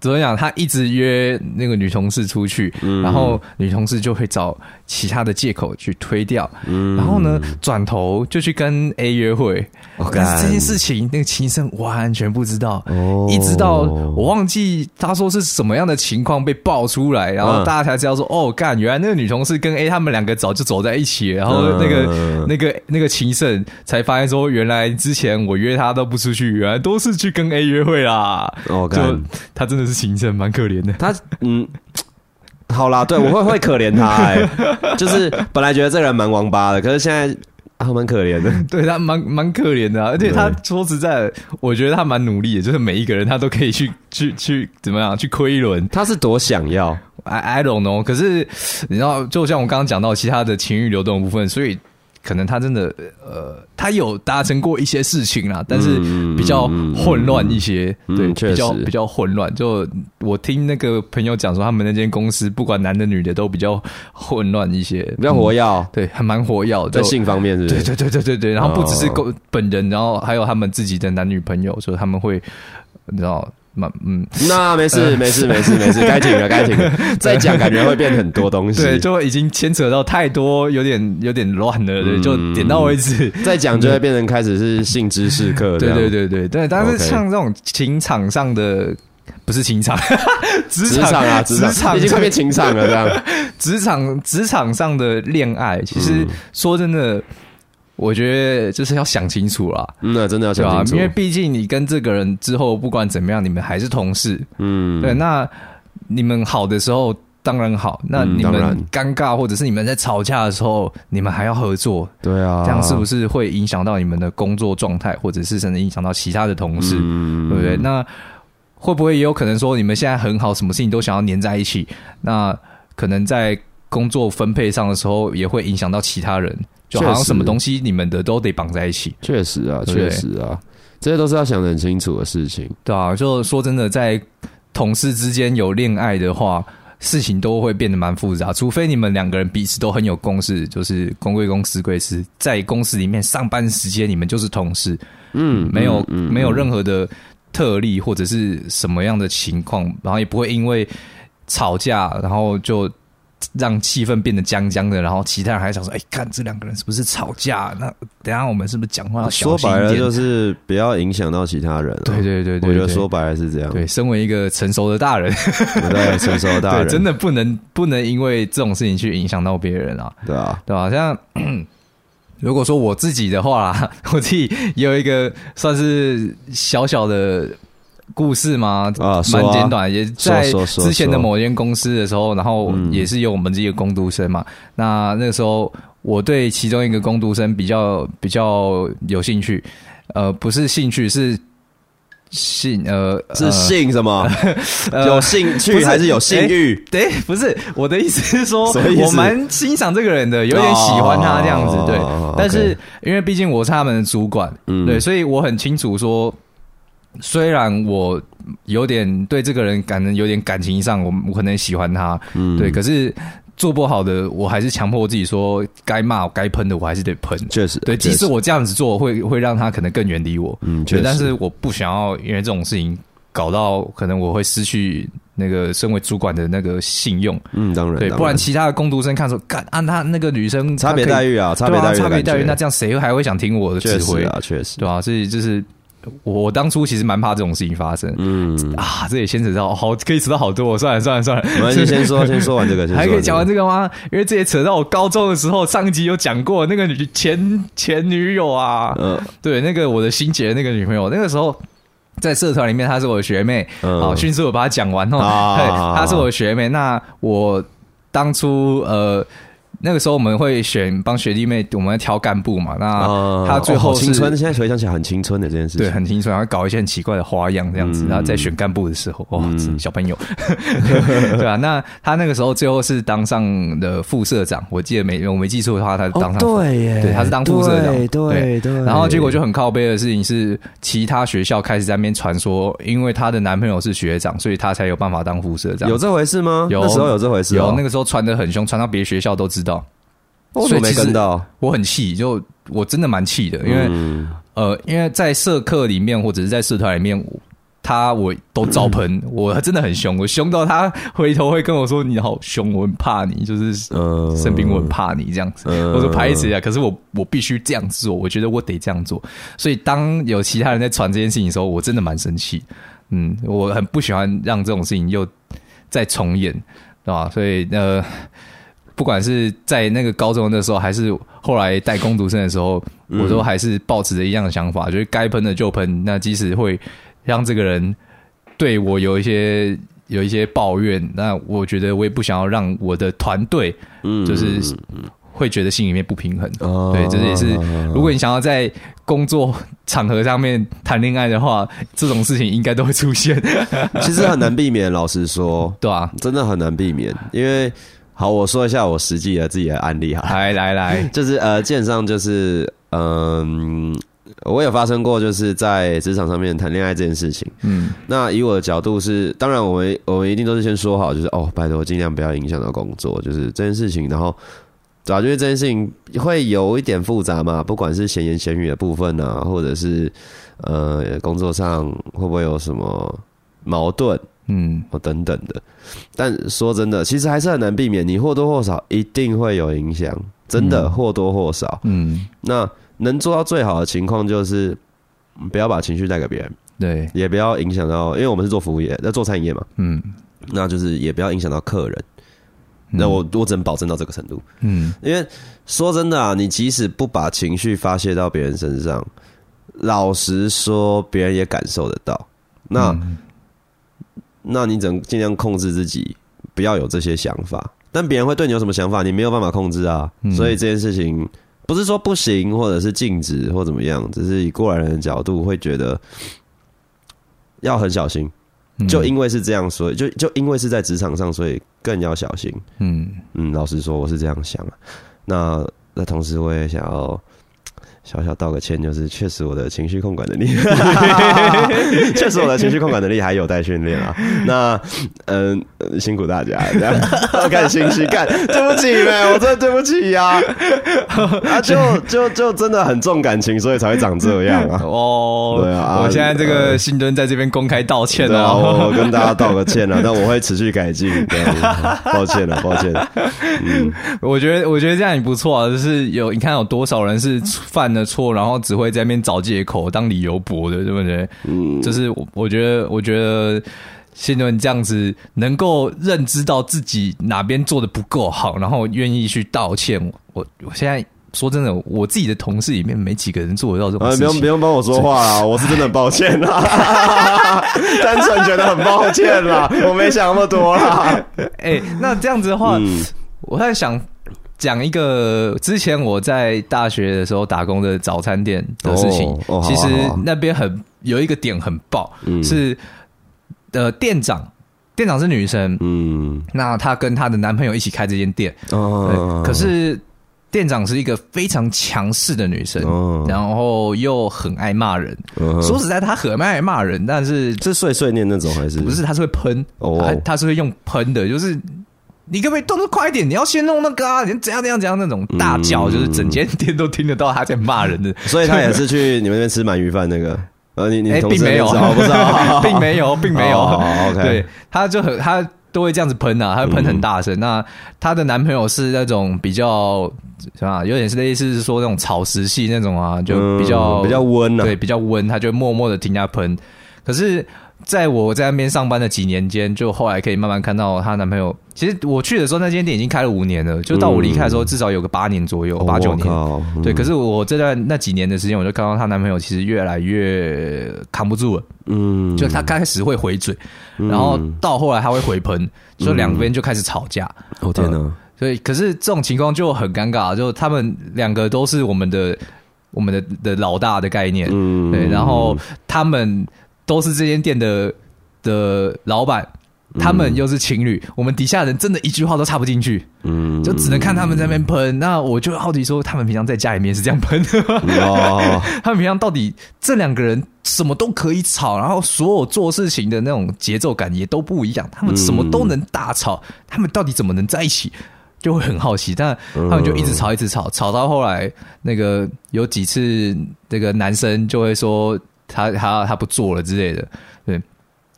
怎麼講？他一直約那個女同事出去，嗯、然後女同事就會找其他的借口去推掉。嗯、然後呢，轉頭就去跟 A 約會。Oh, 但是這件事情，God. 那個秦勝完全不知道，oh. 一直到我忘記他說是什麼樣的情況被爆出來，然後大家才知道說：“哦，幹，原來那個女同事跟 A 他們兩個早就走在一起。”然後那個、uh. 那個那個秦勝才發現說：“原來之前我約他都不出去，原來都是去跟 A 約會啦。Oh, 幹，”就他真的。是情聖，蠻可憐的。他，嗯，好啦，對我會會可憐他，欸， 就是本來覺得這個人蠻王八的，可是現在他蠻、啊、可憐的。對他蠻蠻可憐的，啊，而且他說實在的，我覺得他蠻努力的，就是每一個人他都可以去去去怎麼樣去虧一輪，他是多想要。I I don't know。可是你知道，就像我剛剛講到其他的情慾流動的部分，所以。可能他真的呃，他有達成過一些事情啦，但是比較混亂一些，嗯、對、嗯，比較、嗯、比較混亂。就我聽那個朋友講說，他們那間公司不管男的女的都比較混亂一些，比較活躍，對，還蠻活躍，在性方面是、是，對，對對對對對對。然後不只是公本人，然後還有他們自己的男女朋友，所以他們會，你知道。嘛嗯，那沒事沒事、呃、沒事沒事，該停了，該停了。再 講感覺會變很多東西，對，就已經牽扯到太多，有點有點亂了對。就點到為止，嗯、再講就會變成開始是性知識課。對對對對對，但是像這種情場上的，不是情場，職 場、場啊職場、職場已經快變情場了這樣。職場職場上的戀愛，其實說真的。我覺得就是要想清楚了，那真的要想清楚，因為畢竟你跟這個人之後不管怎麼樣，你們還是同事。嗯，對，那你們好的時候當然好，那你們尷尬或者是你們在吵架的時候，你們還要合作，對、嗯、啊，這樣是不是會影響到你們的工作狀態，或者是甚至影響到其他的同事，嗯、對不對？那會不會也有可能說，你們現在很好，什麼事情都想要黏在一起？那可能在。工作分配上的時候也會影響到其他人，就好像什麼東西你們的都得綁在一起。確實，確實啊，確實啊，這些都是要想得很清楚的事情。對啊，就說真的，在同事之間有戀愛的話，事情都會變得蠻複雜。除非你們兩個人彼此都很有共識，就是公歸公，私歸私，在公司裡面上班時間，你們就是同事，嗯，嗯沒有、嗯嗯、沒有任何的特例或者是什麼樣的情況，然後也不會因為吵架，然後就。讓氣氛變得僵僵的，然後其他人還想說：“哎、欸，看這兩個人是不是吵架？”那等一下我們是不是講話要小心一點，說白了就是不要影響到其他人。啊。對對對，對，對，對對對，我覺得說白了是這樣。對，身為一個成熟的大人，對我當然成熟的大人， 對真的不能不能因為這種事情去影響到別人啊。對啊，對啊，像如果說我自己的話，我自己也有一個算是小小的。故事嗎？蠻、啊、簡短、啊。也在之前的某間公司的時候說說說說，然後也是有我們這些工讀生嘛。嗯、那那個時候我對其中一個工讀生比較比較有興趣，呃，不是興趣是性，呃，是性什麼、呃？有興趣還是有性慾？對，不是、欸欸、不是我的意思是說，我蠻欣賞這個人的，有點喜歡他這樣子，哦、對、okay。但是因為畢竟我是他們的主管，嗯，對，所以我很清楚說。雖然我有點對這個人感覺有點感情上，我我可能喜歡他，嗯，對。可是做不好的，我還是強迫我自己說，該罵、該噴的，我還是得噴。確實，對，即使我這樣子做，嗯、會會讓他可能更遠離我，嗯，對。但是我不想要因為這種事情搞到可能我會失去那個身為主管的那個信用，嗯，當然，對。不然其他的工讀生看出看、嗯啊、他那個女生差別待遇啊，差別待遇，差別待遇，那這樣誰還會想聽我的指揮啊？確實，對啊，所以就是。我當初其實蠻怕這種事情發生，嗯啊，這也牽扯到好可以扯到好多，算了算了算了，算了，沒關係，先說，先說完這個，先說完這個，還可以講完這個嗎？因為這也扯到我高中的時候，上一集有講過那個女前前女友啊，嗯，對，那個我的心結的那個女朋友，那個時候在社團裡面，她是我的學妹，好，嗯哦，迅速我把她講完哦，啊啊啊啊啊她是我的學妹，那我當初呃。那個時候我們會選幫學弟妹，我們挑幹部嘛。那他最後是現在回想起來很青春的這件事情，對，很青春。然後搞一些很奇怪的花樣這樣子。嗯、然後在選幹部的時候，哇、嗯，哦、小朋友， 對啊，那他那個時候最後是當上的副社長，我記得沒我沒記錯的話，他是當上、哦、對,耶對，他是當副社長，對對,對,對,對。然後結果就很靠背的事情是，其他學校開始在那邊傳說，因為他的男朋友是學長，所以他才有辦法當副社長。有這回事嗎？有那時候有這回事、喔，有那個時候傳的很凶，傳到別的學校都知道。我沒跟到，我很氣，就我真的蠻氣的，因為、嗯、呃，因為在社課裡面或者是在社團裡面，他我都遭噴。嗯、我真的很凶，我凶到他回頭會跟我說你好凶，我很怕你，就是生病我很怕你這樣子，嗯、我說拍謝啊，嗯、可是我我必須這樣做，我覺得我得這樣做，所以當有其他人在傳這件事情的時候，我真的蠻生氣，嗯，我很不喜歡讓這種事情又再重演，對吧、啊？所以呃。不管是在那個高中那時候，還是後來帶工讀生的時候，我都還是抱持着一樣的想法，嗯、就是該噴的就噴。那即使會讓這個人對我有一些有一些抱怨，那我覺得我也不想要讓我的團隊，嗯，就是會覺得心裡面不平衡。嗯嗯嗯、對，這、就是、也是。如果你想要在工作場合上面談戀愛的話，這種事情應該都會出現。其實很難避免， 老實說，對啊，真的很難避免，因為。好，我說一下我實際的自己的案例哈。來來來，就是呃，基本上就是嗯，我有發生過就是在職場上面談戀愛這件事情。嗯，那以我的角度是，當然我們我們一定都是先說好，就是哦，拜托盡量不要影響到工作，就是這件事情。然後，對啊，因為這件事情會有一點複雜嘛，不管是閒言閒語的部分啊，或者是呃工作上會不會有什麼矛盾？嗯，我等等的，但說真的，其實還是很難避免，你或多或少一定會有影響，真的、嗯、或多或少。嗯，那能做到最好的情況就是不要把情緒帶給別人，對，也不要影響到，因為我們是做服務業，在做餐飲業嘛，嗯，那就是也不要影響到客人。嗯、那我我只能保證到這個程度，嗯，因為說真的啊，你即使不把情緒發洩到別人身上，老實說，別人也感受得到。那、嗯那你只能盡量控制自己，不要有這些想法。但別人會對你有什麼想法，你沒有辦法控制啊。嗯、所以這件事情不是說不行，或者是禁止或怎麼樣，只是以過來人的角度會覺得要很小心。嗯、就因為是這樣，所以就就因為是在職場上，所以更要小心。嗯嗯，老實說，我是這樣想。那那同時，我也想要。小小道個歉，就是確實我的情緒控管能力， 確實我的情緒控管能力還有待訓練啊。那嗯，辛苦大家，看情緒，看對不起唄，我真的對不起呀、啊。啊就，就就就真的很重感情，所以才會長這樣啊。哦、oh,，對啊，我現在這個信敦在這邊公開道歉了、啊啊啊，我跟大家道個歉了、啊，但我會持續改進、啊。抱歉了、啊啊，抱歉。嗯，我覺得我覺得這樣也不錯啊，就是有你看有多少人是犯。的錯，然後只會在那邊找借口當理由駁的，對不對？嗯，就是我我覺得，我覺得，現在你這樣子能夠認知到自己哪邊做得不夠好，然後願意去道歉，我我現在說真的，我自己的同事裡面沒幾個人做得到這種事情，哎，不用不用幫我說話啊，我是真的很抱歉啦， 單純覺得很抱歉啦，我沒想那麼多啦。哎，那這樣子的話，嗯，我在想。講一個之前我在大學的時候打工的早餐店的事情，其實那邊很有一個點很爆，是、呃、店長，店長是女生，嗯，那她跟她的男朋友一起開這間店，哦，可是店長是一個非常強勢的女生，然後又很愛罵人。說實在，她很愛罵人，但是是碎碎念那種還是不是？她是會噴，她她是會用噴的，就是。你可不可以動作快一點？你要先弄那個啊！連怎樣怎樣怎樣那種大叫，嗯、就是整間店都聽得到他在罵人的。所以他也是去你們那邊吃鰻魚飯那個呃、 啊，你你沒、欸、並沒有，我不知道好好好，並沒有，並沒有。哦 okay、對，她就很她都會這樣子噴啊，她會噴很大聲、嗯。那她的男朋友是那種比較是吧、啊，有點是類似是說那種草食系那種啊，就比較、嗯、比較溫啊。對，比較溫，他就會默默的聽她噴。可是。在我在那邊上班的幾年間，就後來可以慢慢看到她男朋友。其實我去的時候，那間店已經開了五年了。就到我離開的時候，嗯、至少有個八年左右，哦、八九年。對，可是我這段那幾年的時間、嗯，我就看到她男朋友其實越來越扛不住了。嗯，就他開始會回嘴，嗯、然後到後來他會回噴，所以兩邊就開始吵架。嗯、對、哦天哪！所以可是這種情況就很尷尬，就他們兩個都是我們的、我們的的老大的概念。嗯，對，嗯、然後他們。都是這間店的的老闆，他們又是情侶、嗯，我們底下人真的一句話都插不進去，嗯，就只能看他們在那邊噴、嗯。那我就好奇說，他們平常在家裡面是這樣噴的、哦、 他們平常到底這兩個人什麼都可以吵，然後所有做事情的那種節奏感也都不一樣，他們什麼都能大吵，嗯，他們到底怎麼能在一起？就會很好奇。但他們就一直吵，一直吵，嗯，吵到後來，那個有幾次，這個男生就會說。他他他不做了之類的，對。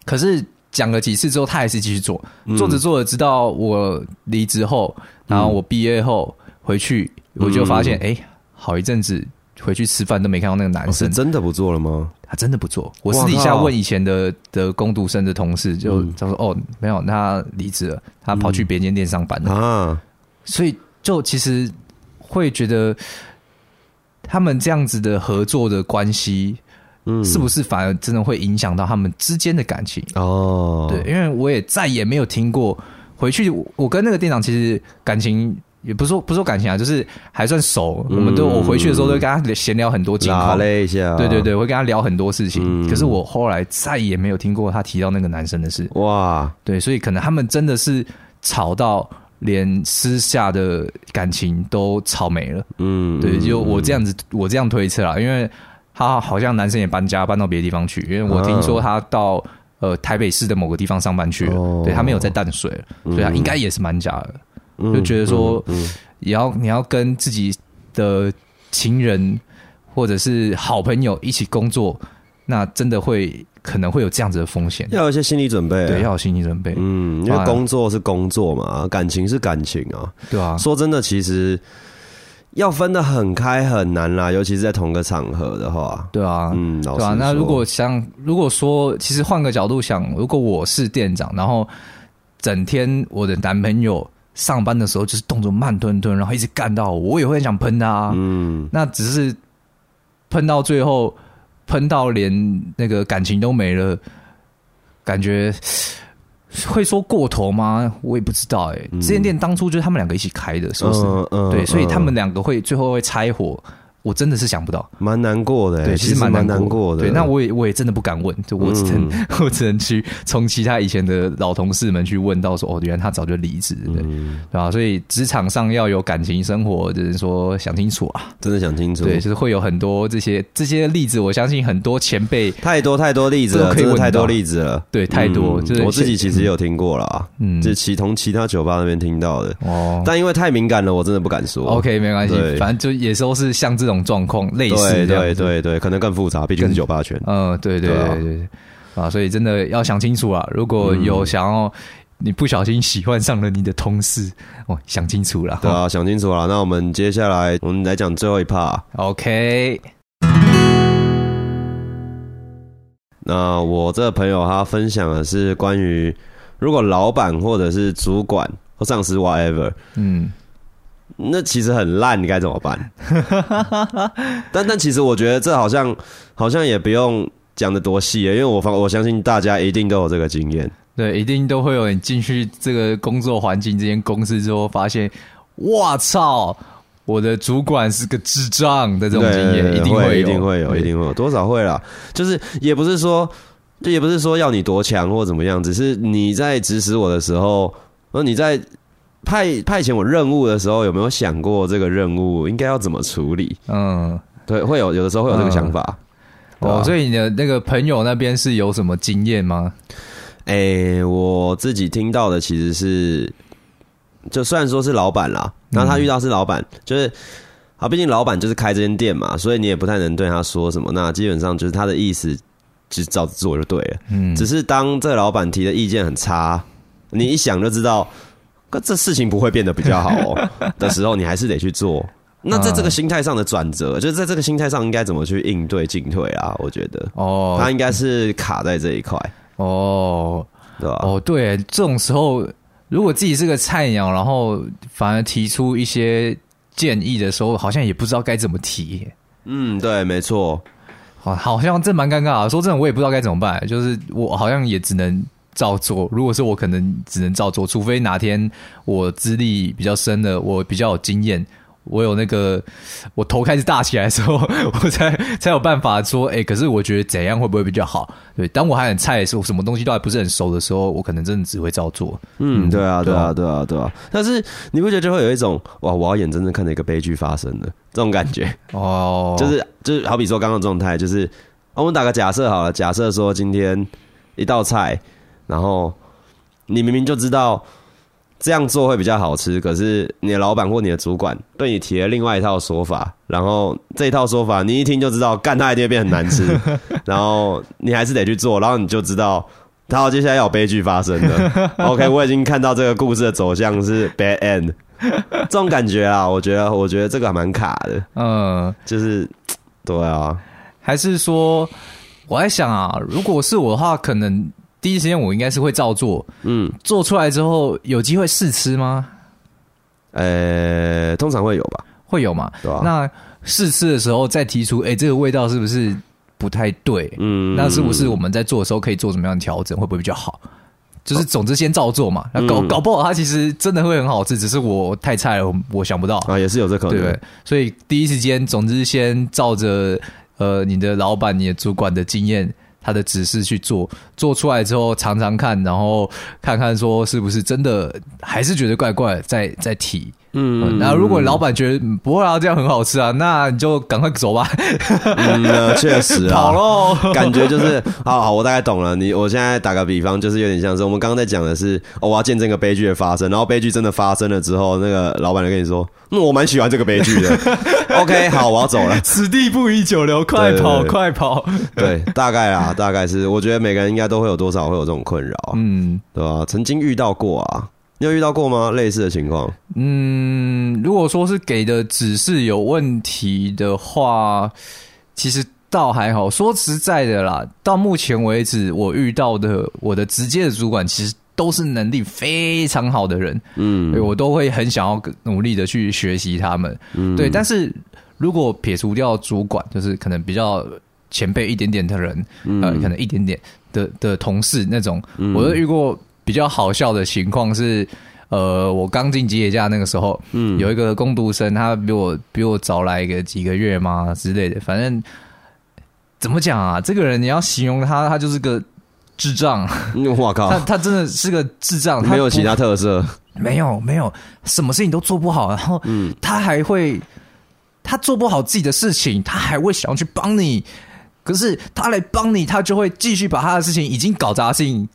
可是講了幾次之後，他還是繼續做，做着做着，直到我離職後，然後我畢業後回去，我就發現，哎，好一陣子回去吃飯都沒看到那個男生。真的不做了嗎？他真的不做。我私底下問以前的的工讀生的同事，就他說：“哦，沒有，他離職了，他跑去別間店上班了。”啊，所以就其實會覺得他們這樣子的合作的關係。是不是反而真的會影響到他們之間的感情？哦，對，因為我也再也沒有聽過回去。我跟那個店長其實感情也不是說不說感情啊，就是還算熟。我們都我回去的時候都會跟他閒聊很多，聊了一下。對對對，會跟他聊很多事情。可是我後來再也沒有聽過他提到那個男生的事。哇，對，所以可能他們真的是吵到連私下的感情都吵沒了。嗯，對，就我這樣子，我這樣推測啊，因為。他好像男生也搬家，搬到別的地方去，因為我聽說他到呃台北市的某個地方上班去了。哦、對他沒有在淡水，嗯、所以他應該也是蠻假的。嗯、就覺得說，也要你要跟自己的情人或者是好朋友一起工作，那真的會可能會有這樣子的風險，要有一些心理準備，對，要有心理準備。嗯，因為工作是工作嘛，感情是感情啊。對啊，說真的，其實。要分得很開很難啦，尤其是在同個場合的話。對啊，嗯，老實說，對啊。那如果想如果說，其實換個角度想，如果我是店長，然後整天我的男朋友上班的時候就是動作慢吞吞，然後一直干到我，我也會很想噴他啊。嗯，那只是噴到最後，噴到連那個感情都沒了，感覺。會說過頭嗎？我也不知道哎、欸。這間店當初就是他們兩個一起開的，嗯、是不是？Uh, uh, 對，所以他們兩個會 uh, uh. 最後會拆夥。我真的是想不到，蠻難過的，對，其實蠻難過，蠻難過的。對，那我也我也真的不敢問，就我只能、嗯、我只能去從其他以前的老同事們去問到說，哦，原來他早就離職、嗯，對啊，所以職場上要有感情生活，就是說想清楚啊，真的想清楚。對，就是會有很多這些這些例子，我相信很多前輩太多太多例子了，真的太多例子了。對，太多，嗯、就是我自己其實也有聽過啦，嗯，是其從其他酒吧那邊聽到的哦、嗯。但因為太敏感了，我真的不敢說。哦、OK，沒關係，反正就也都是像這種。狀況類似，對對對對，可能更複雜，畢竟是酒吧圈。嗯，對對對對，啊，所以真的要想清楚了、啊。如果有想要、嗯，你不小心喜歡上了你的同事，哇，想清楚了。對啊、哦，想清楚了。那我們接下來我們來講最後一 part。OK，那我這個朋友他分享的是關於如果老板或者是主管或上司 whatever，嗯。那其實很爛，你該怎麼辦？ 但但其實我覺得這好像好像也不用講得多細，因為我我相信大家一定都有這個經驗，對，一定都會有。你進去這個工作環境，這間公司之後，發現哇，操，我的主管是個智障的這種經驗，一定會有，會一定會有，一定會有，多少會啦。就是也不是說，就也不是說要你多強或怎麼樣，只是你在指使我的時候，那、呃、你在。派派遣我任務的時候，有沒有想過這個任務應該要怎麼處理？嗯，對，會有有的時候會有這個想法、嗯。哦，所以你的那個朋友那邊是有什麼經驗嗎？誒、欸，我自己聽到的其實是，就算說是老闆啦，那他遇到是老闆、嗯，就是啊，畢竟老闆就是開這間店嘛，所以你也不太能對他說什麼。那基本上就是他的意思，就照着做就對了。嗯，只是當這老闆提的意見很差，你一想就知道。 那這事情不會變得比較好，喔， 的時候，你還是得去做。那在這個心態上的轉折，嗯、就是在這個心態上應該怎麼去應對進退啊？我覺得哦，他應該是卡在這一塊哦、嗯，對吧？哦，對，這種時候如果自己是個菜鳥，然後反而提出一些建議的時候，好像也不知道該怎麼提、欸。嗯，對，沒錯。好像這蠻尷尬。說這種我也不知道該怎麼辦，就是我好像也只能。照做。如果是我，可能只能照做。除非哪天我資歷比較深的，我比較有經驗，我有那個我頭開始大起來的時候，我才才有辦法說，哎、欸，可是我覺得怎樣會不會比較好？對，當我還很菜的時候，什麼東西都還不是很熟的時候，我可能真的只會照做。嗯，嗯，對啊，對啊，對啊，對啊，對啊。但是你不覺得就會有一種哇，我要眼睜睜看着一個悲劇發生的這種感覺哦？就是、就是、剛剛就是，好比說剛剛狀態，就是我們打個假設好了，假設說今天一道菜。然後你明明就知道這樣做會比較好吃，可是你的老闆或你的主管對你提了另外一套說法，然後這一套說法你一聽就知道幹他一定會變很難吃， 然後你還是得去做，然後你就知道，他要接下來有悲劇發生了。 OK，我已經看到這個故事的走向是 bad end，這種感覺啊，我覺得我覺得這個還蠻卡的，嗯，就是對啊，還是說我在想啊，如果是我的話，可能。第一時間我應該是會照做，嗯，做出來之後有機會試吃嗎？呃、欸，通常會有吧，會有嘛？對啊。那試吃的時候再提出，哎、欸，這個味道是不是不太對？嗯，那是不是我們在做的時候可以做什麼樣的調整，嗯，會不會比較好？就是總之先照做嘛。啊、那搞、嗯、搞不好它其實真的會很好吃，只是我太菜了，我想不到啊，也是有這可、個、能。對，對，所以第一時間，總之先照着呃你的老闆、你的主管的經驗。他的指示去做，做出來之後嚐嚐看，然後看看說是不是真的，還是覺得怪怪，再再提。嗯，那、啊、如果老闆覺得不會啊，這樣很好吃啊，那你就趕快走吧。 嗯，確、啊、實、啊，跑咯，感覺就是啊，好，好，我大概懂了。你，我現在打個比方，就是有點像是我們剛剛在講的是、哦，我要見證個悲劇的發生，然後悲劇真的發生了之後，那個老闆就跟你說：“那、嗯、我蠻喜歡這個悲劇的。 ” OK，好，我要走了，此地不宜久留，快跑，對對對快跑。對，對，對， 對，大概啊，大概是，我覺得每個人應該都會有多少會有這種困擾，嗯，對吧、啊？曾經遇到過啊。你有遇到過嗎？類似的情況？嗯，如果說是給的指示有問題的話，其實倒還好。說實在的啦，到目前為止，我遇到的我的直接的主管，其實都是能力非常好的人。嗯，所以我都會很想要努力的去學習他們，嗯。對，但是如果撇除掉主管，就是可能比較前輩一點點的人，嗯，呃，可能一點點的的同事那種，嗯，我都遇過。比較好笑的情況是，呃，我剛進吉野家那個時候，嗯，有一個工讀生，他比我比我早來一個幾個月嘛之類的，反正怎麼講啊？這個人你要形容他，他就是個智障。我靠，他他真的是個智障，他沒有其他特色，沒有沒有，什麼事情都做不好。然後，嗯，他還會他做不好自己的事情，他還會想要去幫你，可是他來幫你，他就會繼續把他的事情已經搞砸性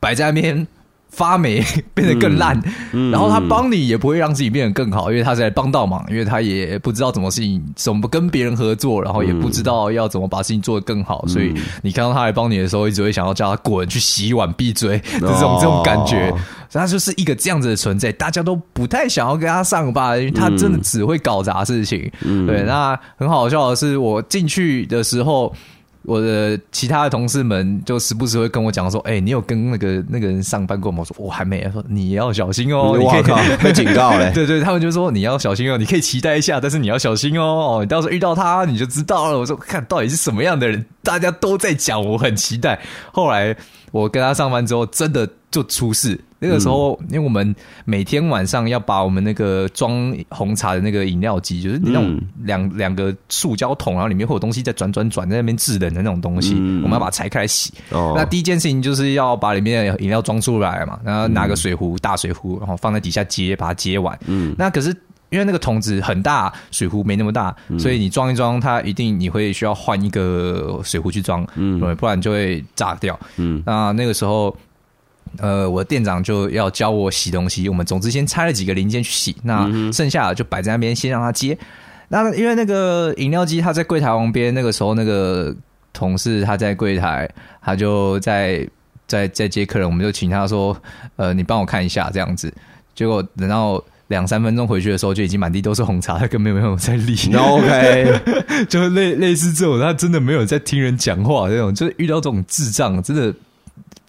擺在那邊。發霉變得更爛，嗯嗯，然後他幫你也不會讓自己變得更好，因為他是來幫倒忙，因為他也不知道怎麼事情，怎麼跟別人合作，然後也不知道要怎麼把事情做得更好，嗯、所以你看到他來幫你的時候，一直會想要叫他滾去洗碗閉嘴這種，哦、這種感覺，所以他就是一個這樣子的存在，大家都不太想要跟他上吧，因為他真的只會搞砸事情，嗯。對，那很好笑的是，我進去的時候。我的其他的同事們就時不時會跟我講說：“哎、欸，你有跟那個那個人上班過嗎？”我說：“我、哦、還沒。”說：“你要小心哦。”我靠，可以 被警告咧！ 對對，他們就說：“你要小心哦，你可以期待一下，但是你要小心哦。你到時候遇到他，你就知道了。”我說：“看到底是什麼樣的人？”大家都在講，我很期待。後來我跟他上班之後，真的就出事。那個時候、嗯，因為我們每天晚上要把我們那個裝紅茶的那個飲料機，就是那種兩兩、嗯、個塑膠桶，然後裡面會有東西在轉轉轉，在那邊製冷的那種東西，嗯、我們要把它拆開來洗、哦。那第一件事情就是要把裡面的飲料裝出來嘛，然後拿個水壺、嗯，大水壺，然後放在底下接，把它接完。嗯、那可是因為那個桶子很大，水壺沒那麼大，嗯、所以你裝一裝，它一定你會需要換一個水壺去裝，不、嗯、然不然就會炸掉。那、嗯、那個時候。呃，我店長就要教我洗東西。我們總之先拆了幾個零件去洗，那剩下的就擺在那邊先讓他接。那因為那個飲料機他在櫃檯旁邊，那個時候那個同事他在櫃檯，他就在在在，在接客人，我們就請他說：“呃，你幫我看一下這樣子。”結果等到兩三分鐘回去的時候，就已經滿地都是紅茶，他根本沒有在理。然、no、後，OK， 就類類似這種，他真的沒有在聽人講話。這種就是遇到這種智障，真的。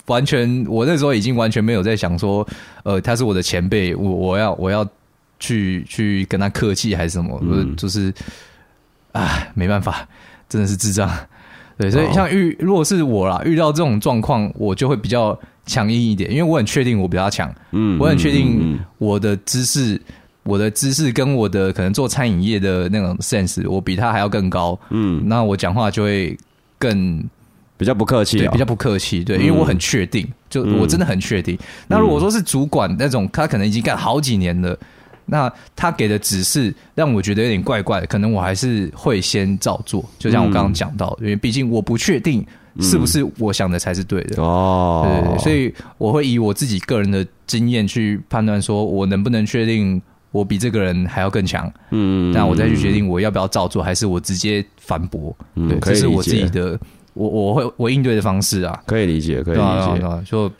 完全，我那時候已經完全沒有在想說，呃，他是我的前輩，我我要我要去去跟他客氣還是什麼？嗯，就是啊，沒辦法，真的是智障。對，所以像遇、哦、如果是我啦，遇到這種狀況，我就會比較強硬一點，因為我很確定我比他強，嗯，我很確定我的知識、嗯嗯嗯，我的知識跟我的可能做餐飲業的那種 sense，我比他還要更高，嗯，那我講話就會更。比較不客氣、喔，對，比較不客氣，對，因為我很確定、嗯，就我真的很確定、嗯。那如果說是主管那種，他可能已經幹好幾年了，那他給的指示讓我覺得有點怪怪的，可能我還是會先照做。就像我剛剛講到、嗯，因為畢竟我不確定是不是我想的才是對的、嗯、哦，對，對，對，所以我會以我自己個人的經驗去判斷，說我能不能確定我比這個人還要更強？嗯，那我再去決定我要不要照做，嗯、還是我直接反駁？嗯，這是我自己的。我我會我應對的方式啊，可以理解，可以理解，啊啊啊，就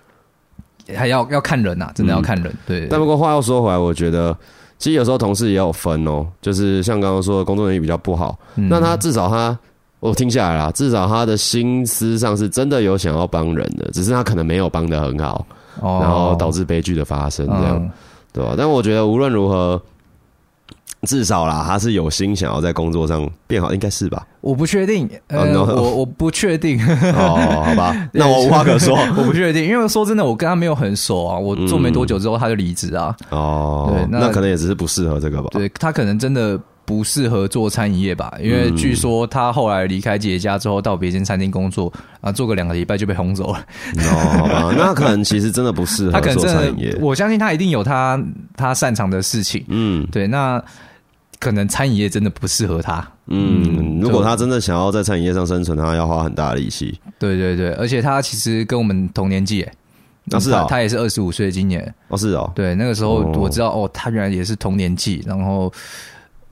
還要要看人吶、啊，真的要看人。嗯、對，對，對，但不過話又說回來，我覺得其實有時候同事也有分哦，就是像剛剛說的工作人員比較不好，嗯、那他至少他我聽下來啦，至少他的心思上是真的有想要幫人的，只是他可能沒有幫得很好，哦，然後導致悲劇的發生這樣，嗯、對吧、啊？但我覺得無論如何。至少啦，他是有心想要在工作上變好，應該是吧？我不確定，呃 oh, no. 我我不確定哦，好、oh, 吧、no. oh, okay.，那我無話可說， 我不確定，因為說真的，我跟他沒有很熟啊，我做沒多久之後他就離職啊。哦、oh,，那可能也只是不適合這個吧。對，他可能真的不適合做餐飲業吧，因為據說他後來離開姐姐家之後，到別間餐廳工作啊，做個兩個禮拜就被轟走了。哦、 no,，okay. 那可能其實真的不適合他做餐飲業。他可能真的，我相信他一定有他他擅長的事情。嗯、oh, no.，對，那。可能餐飲業真的不適合他嗯。嗯，如果他真的想要在餐飲業上生存，他要花很大的力氣。對對對，而且他其實跟我們同年紀。那、哦、是哦，他也是二十五歲，今年。哦是哦。對，那個時候我知道哦，哦，他原來也是同年紀。然後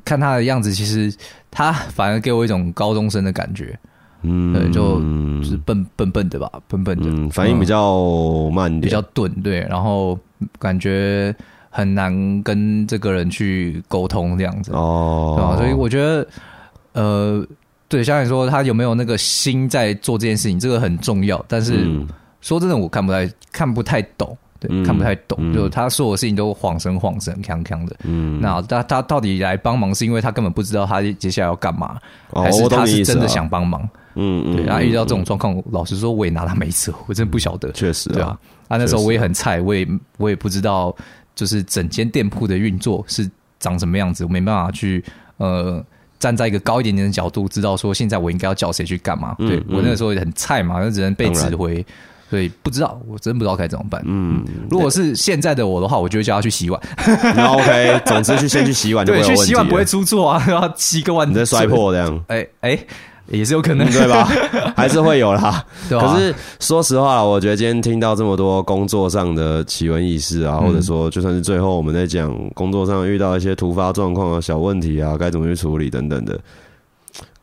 看他的樣子，其實他反而給我一種高中生的感覺。嗯，對，就就是笨笨笨的吧，笨笨的，嗯、反應比較慢、嗯，比較鈍，對，然後感覺。很難跟這個人去溝通這樣子哦，對，所以我覺得，呃，對，像你說他有沒有那個心在做這件事情，這個很重要。但是、嗯、說真的，我看不太看不太懂，對，嗯、看不太懂。嗯、就他所有事情都恍神恍神，鏘鏘的。嗯，那他他到底來幫忙，是因為他根本不知道他接下來要幹嘛、哦，還是他是真的想幫忙？嗯、啊、對，他、啊、遇、嗯嗯嗯啊、到這種狀況，嗯嗯嗯，老實說，我也拿他沒轍。我真的不曉得，確實對啊，那時候我也很菜，我也我也不知道。就是整間店鋪的運作是長什麼樣子，我沒辦法去呃站在一個高一點點的角度知道說，現在我應該要叫誰去幹嘛？嗯、對我那個時候很菜嘛，那、嗯、只能被指揮、嗯，所以不知道，我真不知道該怎麼辦。嗯，如果是現在的我的話，我就會叫他去洗碗。 OK，總之去先去洗碗就不會有問題了對，去洗碗不會出錯啊。然後七個碗，你摔破這樣。哎、欸、哎。欸也是有可能、嗯、對吧？ 還是會有啦。 對、啊、可是說實話，我覺得今天聽到這麼多工作上的奇聞異事啊，或者說就算是最後我們在講工作上遇到一些突發狀況啊、小問題啊，該怎麼去處理等等的，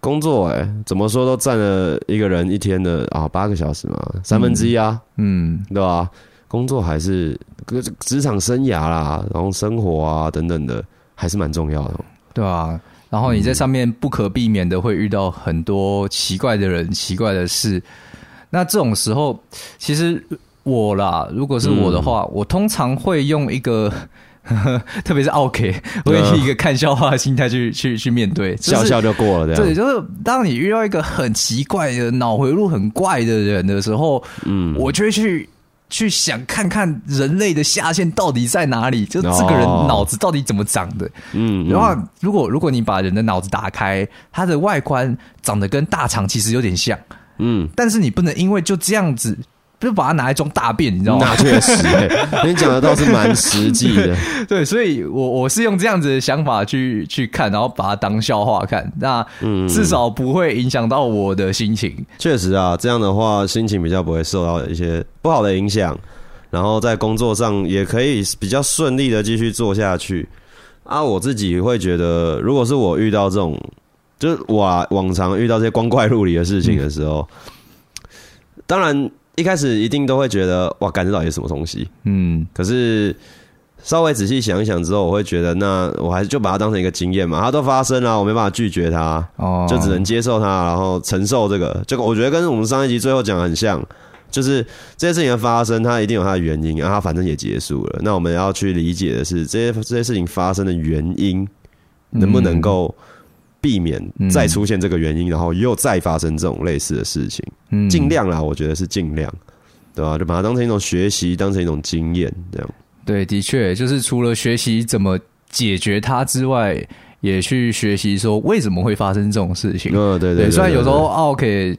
工作哎、欸，怎麼說都占了一個人一天的啊八個小時嘛，三分之一啊，嗯，對吧、啊？工作還是職場生涯啦，然後生活啊等等的，還是蠻重要的，對啊。然後你在上面不可避免的會遇到很多奇怪的人、嗯、奇怪的事。那這種時候，其實我啦，如果是我的話，嗯、我通常會用一個，呵呵，特別是奧客，我用一個看笑話的心態去、嗯、去去面對，笑笑就過了。對，就是當你遇到一個很奇怪的、腦回路很怪的人的時候，嗯，我就會去。去想看看人類的下限到底在哪裡，就這個人腦子到底怎麼長的？哦、嗯，嗯，然後如果如果你把人的腦子打開，它的外觀長得跟大腸其實有點像，嗯，但是你不能因為就這樣子。就把它拿來裝大便，你知道嗎？那確實、欸， 你講的倒是蠻實際的。對，所以我我是用這樣子的想法去去看，然後把它當笑話看，那至少不會影響到我的心情。嗯、確實啊，這樣的話心情比較不會受到一些不好的影響，然後在工作上也可以比較順利的繼續做下去。啊，我自己會覺得，如果是我遇到這種，就是我、啊、往常遇到這些光怪陸離的事情的時候，嗯、當然。一開始一定都會覺得哇，感覺到有什麼東西，嗯。可是稍微仔細想一想之後，我會覺得那我還是就把它當成一個經驗嘛，它都發生了，我沒辦法拒絕它，哦，就只能接受它，然後承受這個。這個我覺得跟我們上一集最後講的很像，就是這些事情的發生，它一定有它的原因，然後它反正也結束了。那我們要去理解的是，這些這些事情發生的原因，能不能夠？嗯避免再出現這個原因，嗯，然後又再發生這種類似的事情。嗯，盡量啦，我覺得是盡量，對吧、啊？就把它當成一種學習，當成一種經驗，這樣。對，的確，就是除了學習怎麼解決它之外，也去學習說為什麼會發生這種事情。呃、嗯，對對，對，對，對對。雖然有時候奧 K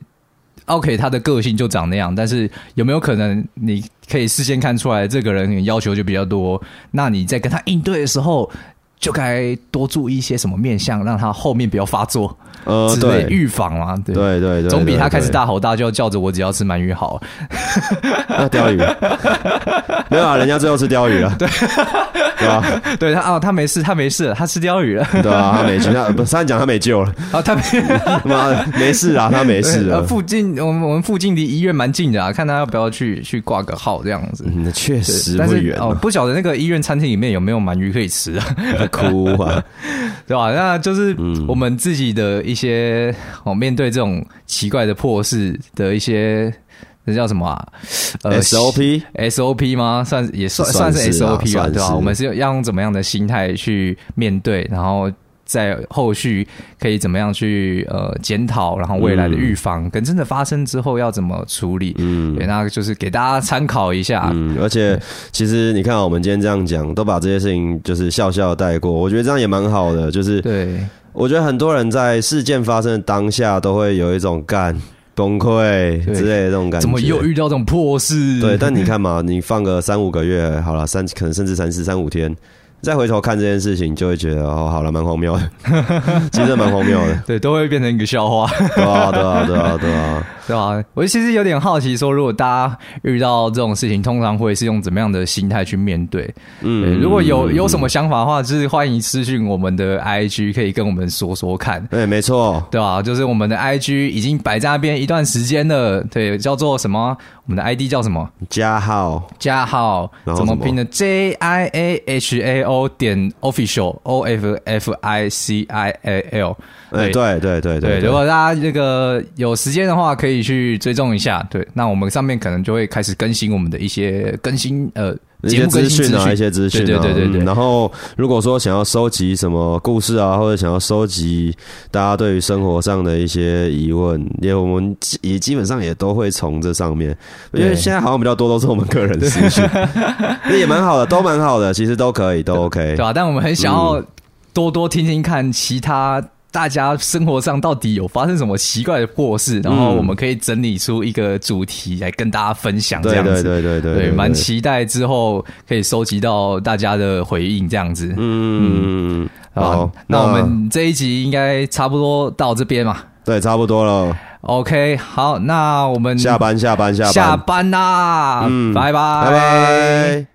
奧 K 他的個性就長那樣，但是有沒有可能你可以事先看出來這個人要求就比較多？那你在跟他應對的時候。就該多注意一些什麼面相，讓他後面不要發作，呃，對，預防嘛、啊，對對對，對，總比他開始大吼大叫叫着我只要吃鰻魚好，那、 啊、釣魚沒有啊， 人家最後吃釣魚了，對。對，啊 對他啊，哦，他沒事，他沒事，他吃鯛魚了。對啊，他沒救他不，他講他沒救了。啊，哦，他沒， 沒事啊，他沒事、呃。附近，我們我們附近離醫院蠻近的啊，看他要不要去去掛個號這樣子。那，嗯，確實不遠、啊。哦，不曉得那個醫院餐廳裡面有沒有鰻魚可以吃啊？哭啊， 對吧，啊？那就是我們自己的一些哦，面對這種奇怪的破事的一些。這叫什麼啊、呃、？SOP SOP 嗎？算也算是算，是算是 SOP 吧、啊，對吧、啊？我們是要用怎麼樣的心態去面對，然後在後續可以怎麼樣去呃檢討，然後未來的預防、嗯、跟真的發生之後要怎麼處理？嗯，對，那就是給大家參考一下。嗯，而且其實你看我們今天這樣講，都把這些事情就是笑笑帶過，我覺得這樣也蠻好的。就是對，我覺得很多人在事件發生的當下都會有一種干。崩潰之類的這種感覺，怎麼又遇到這種破事？對，但你看嘛，你放個三五個月，好啦，三，可能甚至三四，三五天。再回頭看這件事情，就會覺得哦，好了，蠻荒謬的，其實蠻荒謬的，對，都會變成一個笑話，對啊，對啊，對啊，對啊，對啊。我其實有點好奇，說如果大家遇到這種事情，通常會是用怎麼樣的心態去面對？嗯，如果有有什麼想法的話，就是歡迎私訊我們的 IG，可以跟我們說說看。對，沒錯，對啊，就是我們的 IG 已經擺在那邊一段時間了，對，叫做什麼？我們的 ID 叫什麼？加號加號，然後怎麼拼的？J I A H A。O 點 official O F F I C I A L 哎，對,對對對對，如果大家這個有時間的話，可以去追蹤一下。對，那我們上面可能就會開始更新我們的一些更新，呃。一些資訊啊,啊，一些資訊啊，對對對,對,對,對、嗯。然後，如果說想要收集什麼故事啊，或者想要收集大家對於生活上的一些疑問，也我們也基本上也都會從這上面。因為現在好像比較多都是我們個人的資訊， 也蠻好的，都蠻好的，其實都可以，都 OK，對吧、啊？但我們很想要多多聽聽看其他。大家生活上到底有發生什麼奇怪的禍事、嗯，然後我們可以整理出一個主題來跟大家分享這樣子，對對對對對,對,對,對,對，蠻期待之後可以收集到大家的回應這樣子。嗯，嗯嗯好,好那，那我們這一集應該差不多到這邊嘛？對，差不多了。OK，好，那我們下班，下班，下班啦、啊！嗯，拜拜拜拜。